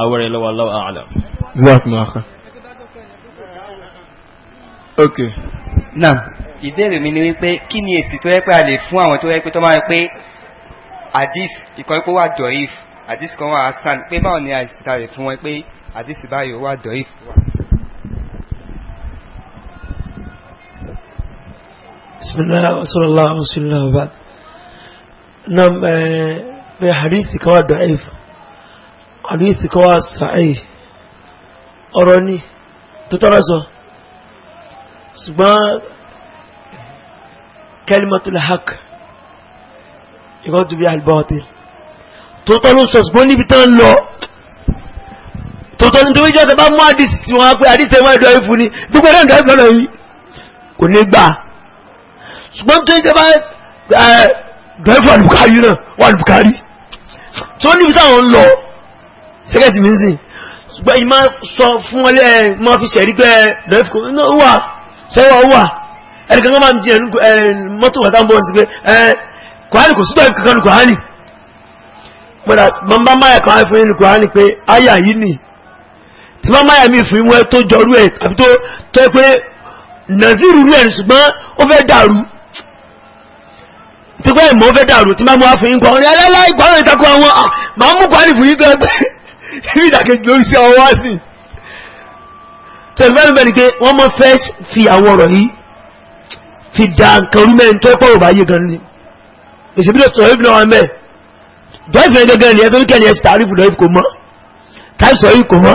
àwẹ̀ rẹ̀ lọ́wọ́ lọ́wọ́ àlà. ok now ìbéèrè mi ni wípé kí ni èsì tó yẹ pé a lè fún àwọn tó yẹ pé tó máa pé àdís ìkan pé wà dọ̀if àdís kan wà asan pé báwo ni àìsí ta lè fún wọn pé àdís báyìí wà dọ̀if wà. bismillah wa sallallahu alaihi wa sallam na eh, pe hadith kan wà dọ̀if hadisi kan wá sàáyì ọ̀rọ̀ ni tó tọ́rọ sọ ṣùgbọ́n kalimatul haq ìkọ́tù bí albatil tó tọ́rọ sọ ṣùgbọ́n níbi tán lọ tó tọ́rọ nítorí jẹ́ ọ̀tẹ́ bá mú àdìsí tí wọ́n pẹ́ àdìsí ẹ̀mọ́ ìdọ̀ ìfún ni gbogbo ẹ̀rọ ìdọ̀ ìfún yìí kò ní gbà ṣùgbọ́n tó jẹ́ bá ìdọ̀ ìfún àlùkárí náà wà àlùkárí tó níbi táwọn lọ sẹ́kẹ̀tì mi ń sìn ṣùgbọ́n ìmọ̀ sọ fún ọlẹ́ mọ́ fi ṣẹ̀rí pé dọ́ìfù wà sẹ́wọ̀ wà ẹni kankan máa ń jẹ mọ́tò wà táwọn bọ́ sí pé kòhánì kò sí dọ́ìfù kankan kòhánì padà bàbá máyà kan fún yín kòhánì pé àyà yìí nì tí bá máyà mi fún wọn tó jọrú ẹ àbí tó tọ́ ẹ pé nàzírù rú ẹ̀ ṣùgbọ́n ó fẹ́ dàrú tí pé ìmọ̀ fẹ́ dàrú tí bá mú wa fún ibi ìdàkejì ló ń ṣe ọwọ́ sí tẹ̀lifẹ́lú bẹ́ẹ̀ ni pé wọ́n mọ́ fẹ́ fi àwọn ọ̀rọ̀ yìí fi da nǹkan orí mẹ́rin tó pọ̀ òbá yé gan ni èsìbí ló sọ̀rọ̀ ìbìnà wọn mẹ́ẹ̀ dọ́ìfì rẹ̀ gẹ́gẹ́ nìyẹn tó ní kẹ́ni ẹ̀sì tàrífù lọ́ìfì kò mọ́ táì sọ̀rọ̀ yìí kò mọ́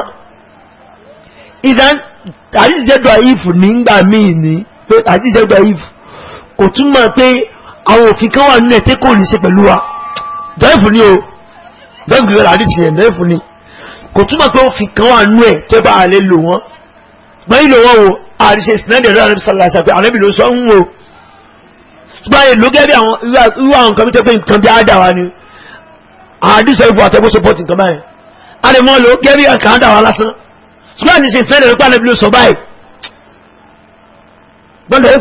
ìdán àdìsíjẹ́ dọ̀ ìfù nígbà míì ni pé àdìsíjẹ́ dọ̀ ìfù kò túmọ̀ pé àwọn òfin kan wà nínú ẹ̀ tí kò ní ṣe pẹ̀lú wa dọ́ìfù ni o dọ́ìfù ni kò túmọ̀ pé òfin kan wà nú ẹ̀ tó bá a lè lò wọ́n gbọ́n ìlò wọn wo àríṣe ìsìnlẹ̀ rẹ̀ àrẹ́bí sàlàyé àti àrẹ́bí ló sọ ń wo ṣùgbọ́n èlò gẹ́gẹ́ àwọn irú àwọn nǹkan tó pé nǹkan bí àádà wa ni àdìsọ ìfọ àtẹ́gbó sọpọ́tì nǹkan báyìí àdèmọ́ lò gẹ́gẹ́ bí nǹkan àádà wa lásán ṣùgbọ́n àríṣe ìsìnlẹ̀ rẹ̀ àrẹ́bí ló sọ báyìí gbọ́dọ̀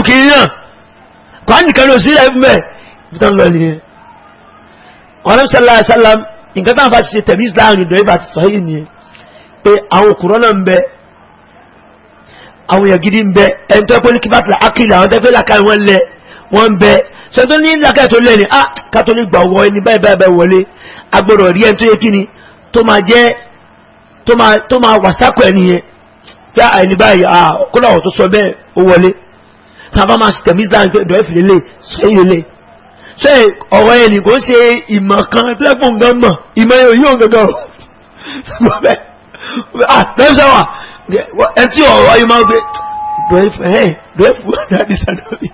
èfò ni kwan nìkan ló sílẹ̀ fún bẹ́ẹ̀ ibi tó ń lọ nìyẹn wọn lọ sẹlẹ sẹlẹ nǹkan táwọn fàṣẹ tẹ̀lé islam ìdọ̀ ibà ti sọ yìí nìyẹn pé àwọn òkúrọ̀ náà ń bẹ àwọn èèyàn gidi ń bẹ ẹni tó yẹ pé ní kíbá tìlà ákìlì àwọn tẹ́fẹ́ làkà wọn lẹ wọn bẹ ṣe ní làkà tó lẹ ni ah kátólì gbà wọ ẹni báyìí báyìí báyìí wọlé agbọ́dọ̀ rí ẹni tó yẹ kí ni tó máa jẹ́ tó máa wàsákọ̀ ẹni yẹn pé àìní báyìí ah kó náà tó sọ bẹ́ẹ̀ ó wọlé tàbá máa tẹ̀mí islam dọ̀ ẹ́ fìlélẹ̀ sẹ́yìn lélẹ̀ ṣe ọ̀rọ̀ ẹni kò ń ṣe ìmọ̀ kan tó lẹ́kùn nǹkan mọ̀ ìmọ̀ yóò yóò gẹ́gẹ́ rọ̀ àtẹ́sẹ̀wà ẹ tí ọ̀rọ̀ ayé máa gbé dọ̀ ẹ́ fẹ́ eh, ẹ̀ dọ̀ ẹ́ fún àdáàdì sàdáàdì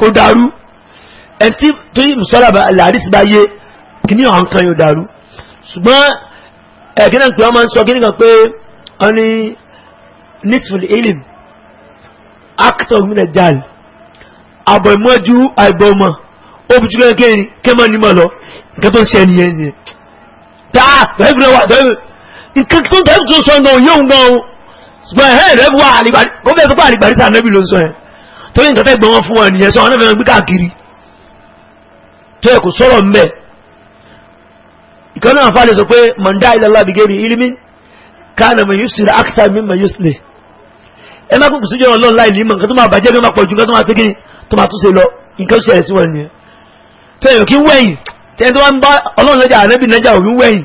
kò dàrú ẹ tí tó yí mùsọ́lá làdísì bá yé kí ní àwọn kan yóò dàrú ṣùgbọ́n ẹ̀kí náà pé wọ́n máa ń sọ kí nìkan pé wọ́n ní nísìlì akitọ gbúdọ̀ jáde àbọ̀ ìmọ̀jú àìbọ̀ ọmọ ó bùjú kékeré kémọ̀ nímọ̀ lọ nǹkan tó ń ṣe ẹnìyẹn ni dáa dọ́yìn fúnra wa dọ́yìn nǹkan tó ń dọ́yìn tó ń sọ ọ́nà òye òun gan o ṣùgbọ́n ẹ̀hẹ́ rẹ̀ wà àlìbárí kó fẹ́ sọ pé àlìbárí sàn nẹ́bí ló ń sọ yẹn torí nǹkan tẹ́ gbọ́n wọn fún wọn nìyẹn sọ wọn náà fẹ́ gbé káàkiri tó yẹ kó sọ̀rọ̀ ń bẹ̀ ìkan náà fà pé mọ̀ndá ilẹ̀ alábìgẹ́rì ilimi kánà mọ̀ yusuf akta mi mọ̀ yusuf ẹ má kókò síjọ́ ọlọ́run láì nímọ̀ nǹkan tó máa bàjẹ́ bí ó máa pọ̀ ju nǹkan tó máa ṣe kíni tó máa tún ṣe lọ nǹkan ṣẹlẹ̀ sí wọn nìyẹn tẹ ẹ kí wẹ̀yìn tẹ ẹ tó wá ń bá ọlọ́run lọ́jà àrẹ́bì nájà òbí wẹ̀yìn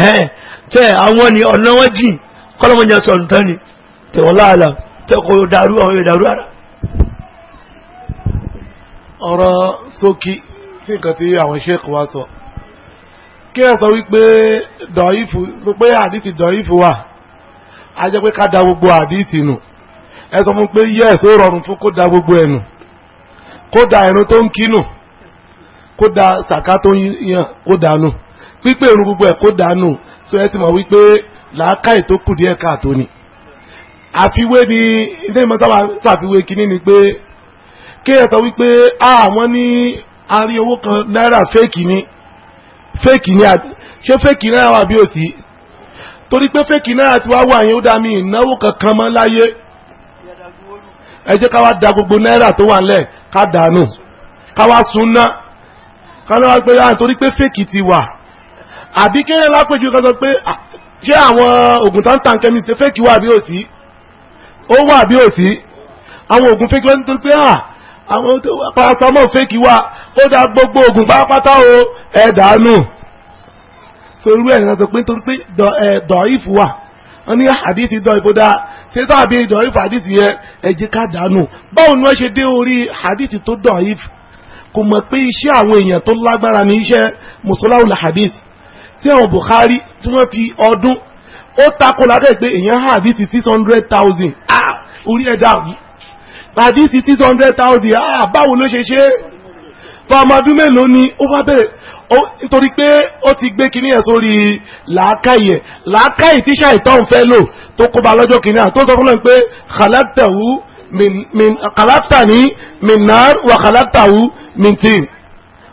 ẹ̀hẹ́n tẹ àwọn ni ọ̀nà wọn jìn kọ́lọ́mọ yẹn sọ̀rọ̀ tán ni tẹ wọ́n láàlà tẹ kò dàrú àwọn yóò dàrú ara. ọ̀rọ̀ sókí sí nǹkan tí àwọn sheikh wa sọ kí ẹ sọ wípé dọ̀ífù pé àdìsí dọ̀ífù wà á jẹ́ pé ká da gbogbo àdìsí nù ẹ sọ fún pé yes ó rọrùn fún kó da gbogbo ẹ̀ nù kó da ẹ̀rùn tó ń kínú kó da sàká tó ń yàn kó dànù pípé ìrun gbogbo ẹ̀ kó dànù so ẹ ti mọ̀ wípé làákàyè tó kù díẹ̀ káàtó ni àfiwé ni ilé ìmọ̀ sábà kínní ni pé kí ẹ sọ wípé àwọn ní arí owó kan náírà fẹ́ẹ̀kì ni fẹ́ẹ̀kì ni ṣé fẹ́ẹ̀kì náírà wà bí òsì torí pé fẹ́ẹ̀kì náírà ti wá wà yẹn ó dá mi ìnáwó kankan mọ́ láyé ẹ jẹ́ ká wá da gbogbo náírà tó wà ńlẹ̀ ká dànù ká wá sun ná ká náà wá pé à ah, nítorí pé fèkì ti wà àbí kéré lápèjú ká sọ pé ah, ṣé àwọn oògùn tó ń tàn kẹ́mi ṣe fèkì wà bí òsì ó wà bí òsì àwọn oògùn fèkì wà nítorí pé à ah, àwọn paracetamol fèkì wà ó da gbogbo oògùn pátápátá o ẹ dànù. sọ ẹ̀ ní wọ́n sọ pé nítorí pé dọ̀ ìfù wà wọ́n ní ah, hadithi dọ̀ ìbúdá ṣé tó àbí ìdọ̀ ìfọ̀ hadithi yẹn ẹ̀jẹ̀ ká dànù báwo ni wọ́n ṣe dé orí hadithi tó dọ̀ ìf kò mọ̀ pé iṣẹ́ àwọn èèyàn tó lágbára ní iṣẹ́ musolawul hadith tí àwọn Bukhari tí wọ́n fi ọdún ó takò lákẹ́ pé èèyàn hadithi six hundred thousand ah orí ẹ̀dá hadithi six hundred thousand ah báwo ló ṣe ṣe é fọmọdún mélòó ni ó wá bẹ̀rẹ̀ nítorí pé ó ti gbé kinní ẹ̀ sórí làákàyè làákàyè tí ṣàìtàn fẹ́ lò tó kóba lọ́jọ́ kinní àti sọ fún mi pé khalaqtahu min khalaqtani min nar wa khalaqtahu min tin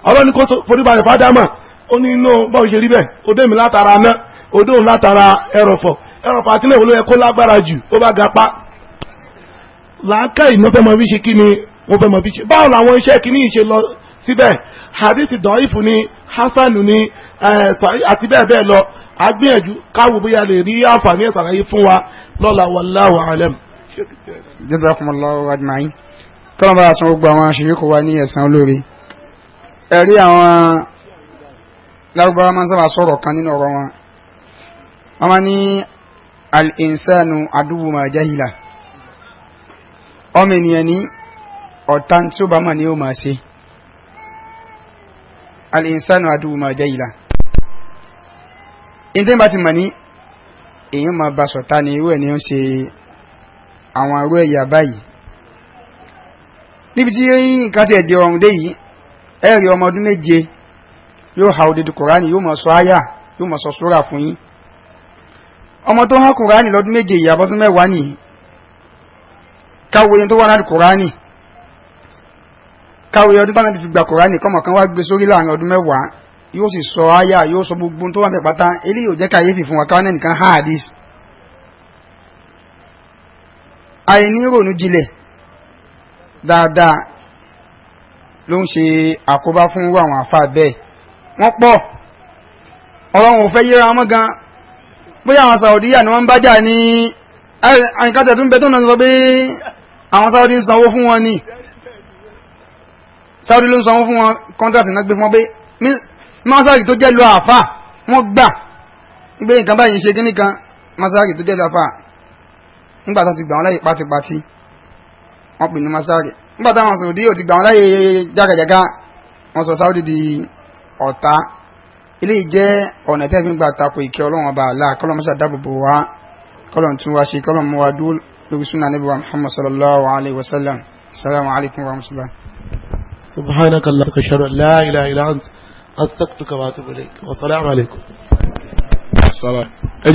ọlọ́ni kó foríbalẹ̀ fádámà ó ní inú báwo ṣe rí bẹ́ẹ̀ odó mi látara ná odó mi látara ẹrọ̀fọ̀ ẹrọ̀fọ̀ àti ilé ìwòlò yẹ kó lágbára jù ó bá ga pa làákàyè ni wọ́n fẹ́ mọ fi ṣe kí ni wọ́n fẹ́ mọ fi ṣe báwo làwọn iṣẹ́ kí ni ìṣe lọ síbẹ̀ hadithi dọ̀ífù ni hasanu ni àti bẹ́ẹ̀ bẹ́ẹ̀ lọ agbẹ́yẹ̀jú káwọ bóyá lè rí àǹfààní ẹ̀sán ayé fún wa lọ́la wallahu alam. jazakumullahu ajma'in kọ́nà bá a san gbogbo àwọn aṣèwé kò wá ní ẹ̀sán olóore ẹ̀rí àwọn lárúbáwá máa ń sábà sọ̀rọ̀ kan nínú ọ̀rọ̀ wọn wọ́n máa ní al-insanu aduwwu ma jahila ọmọ ènìyàn ní ọ̀tá tí ó bá mà ní ó máa ṣe alìsánù àdúgbò jẹ́ ìlà in tí bá ti mọ̀ ní èyàn ma bá sọ̀tá ni irú ẹ̀ ni ó ń ṣe àwọn arú ẹ̀yà báyìí níbi tí nǹkan ti ẹ̀dì ọ̀run dé yìí ẹ̀rì ọmọ ọdún méje yóò ha òdìdì kùránì yóò mọ̀ sọ áyà yóò mọ̀ sọ súrà fún yín ọmọ tó há kùránì lọ́dún méje ìyàbọ́dún mẹ́wàá nìyí káwo yẹn tó wà náà kùránì káwé ọdún tánàbí fi gba kùránì kọ́mọ̀ kan wá gbé sórí láàrin ọdún mẹ́wàá yóò sì sọ àyà yóò sọ gbogbo tó wà ní pátá eléyìí ò jẹ́ kàyéfì fún wa káwọn ẹnìkan há àdís. àìní rònú jinlẹ̀ dáadáa ló ń ṣe àkóbá fún àwọn àfa bẹ́ẹ̀ wọ́n pọ̀ ọlọ́run ò fẹ́ yíra wọn gan bóyá àwọn sàwọ́díyà ni wọ́n ń bá jà ní àyíká tẹ̀tún bẹ́ẹ̀ tó náà sọ pé àwọn sàwọ́dí ń sanwó fún wọn ni. Saudi ló ń sanwó fún wọn kọ́ńtàtì náà gbé fún wọn pé masari tó jẹ́ lu àfà wọ́n gbà gbé nǹkan báyìí ṣe kíní kan masari tó jẹ́ lu àfà nígbà tó ti gbà wọn láyè pátipátí wọ́n pè ní masari nígbà táwọn Saudi ò ti gbà wọn láyè jákèjáká wọ́n sọ Saudi di ọ̀tá ilé jẹ́ ọ̀nà tẹ́fí ń gbà tako ìkẹ́ ọlọ́run ọba àlá kọ́lọ́mọ́sá dábòbò wá kọ́lọ́n tún wá ṣe kọ́lọ́mọ́ wa dúró lórí súnà níbi wa Muhammad sallallahu alaihi wasallam salamu alaikum wa rahmatullah سبحانك الله قشر لا إله إلا أنت أستغفرك وأتوب إليك والسلام عليكم السلام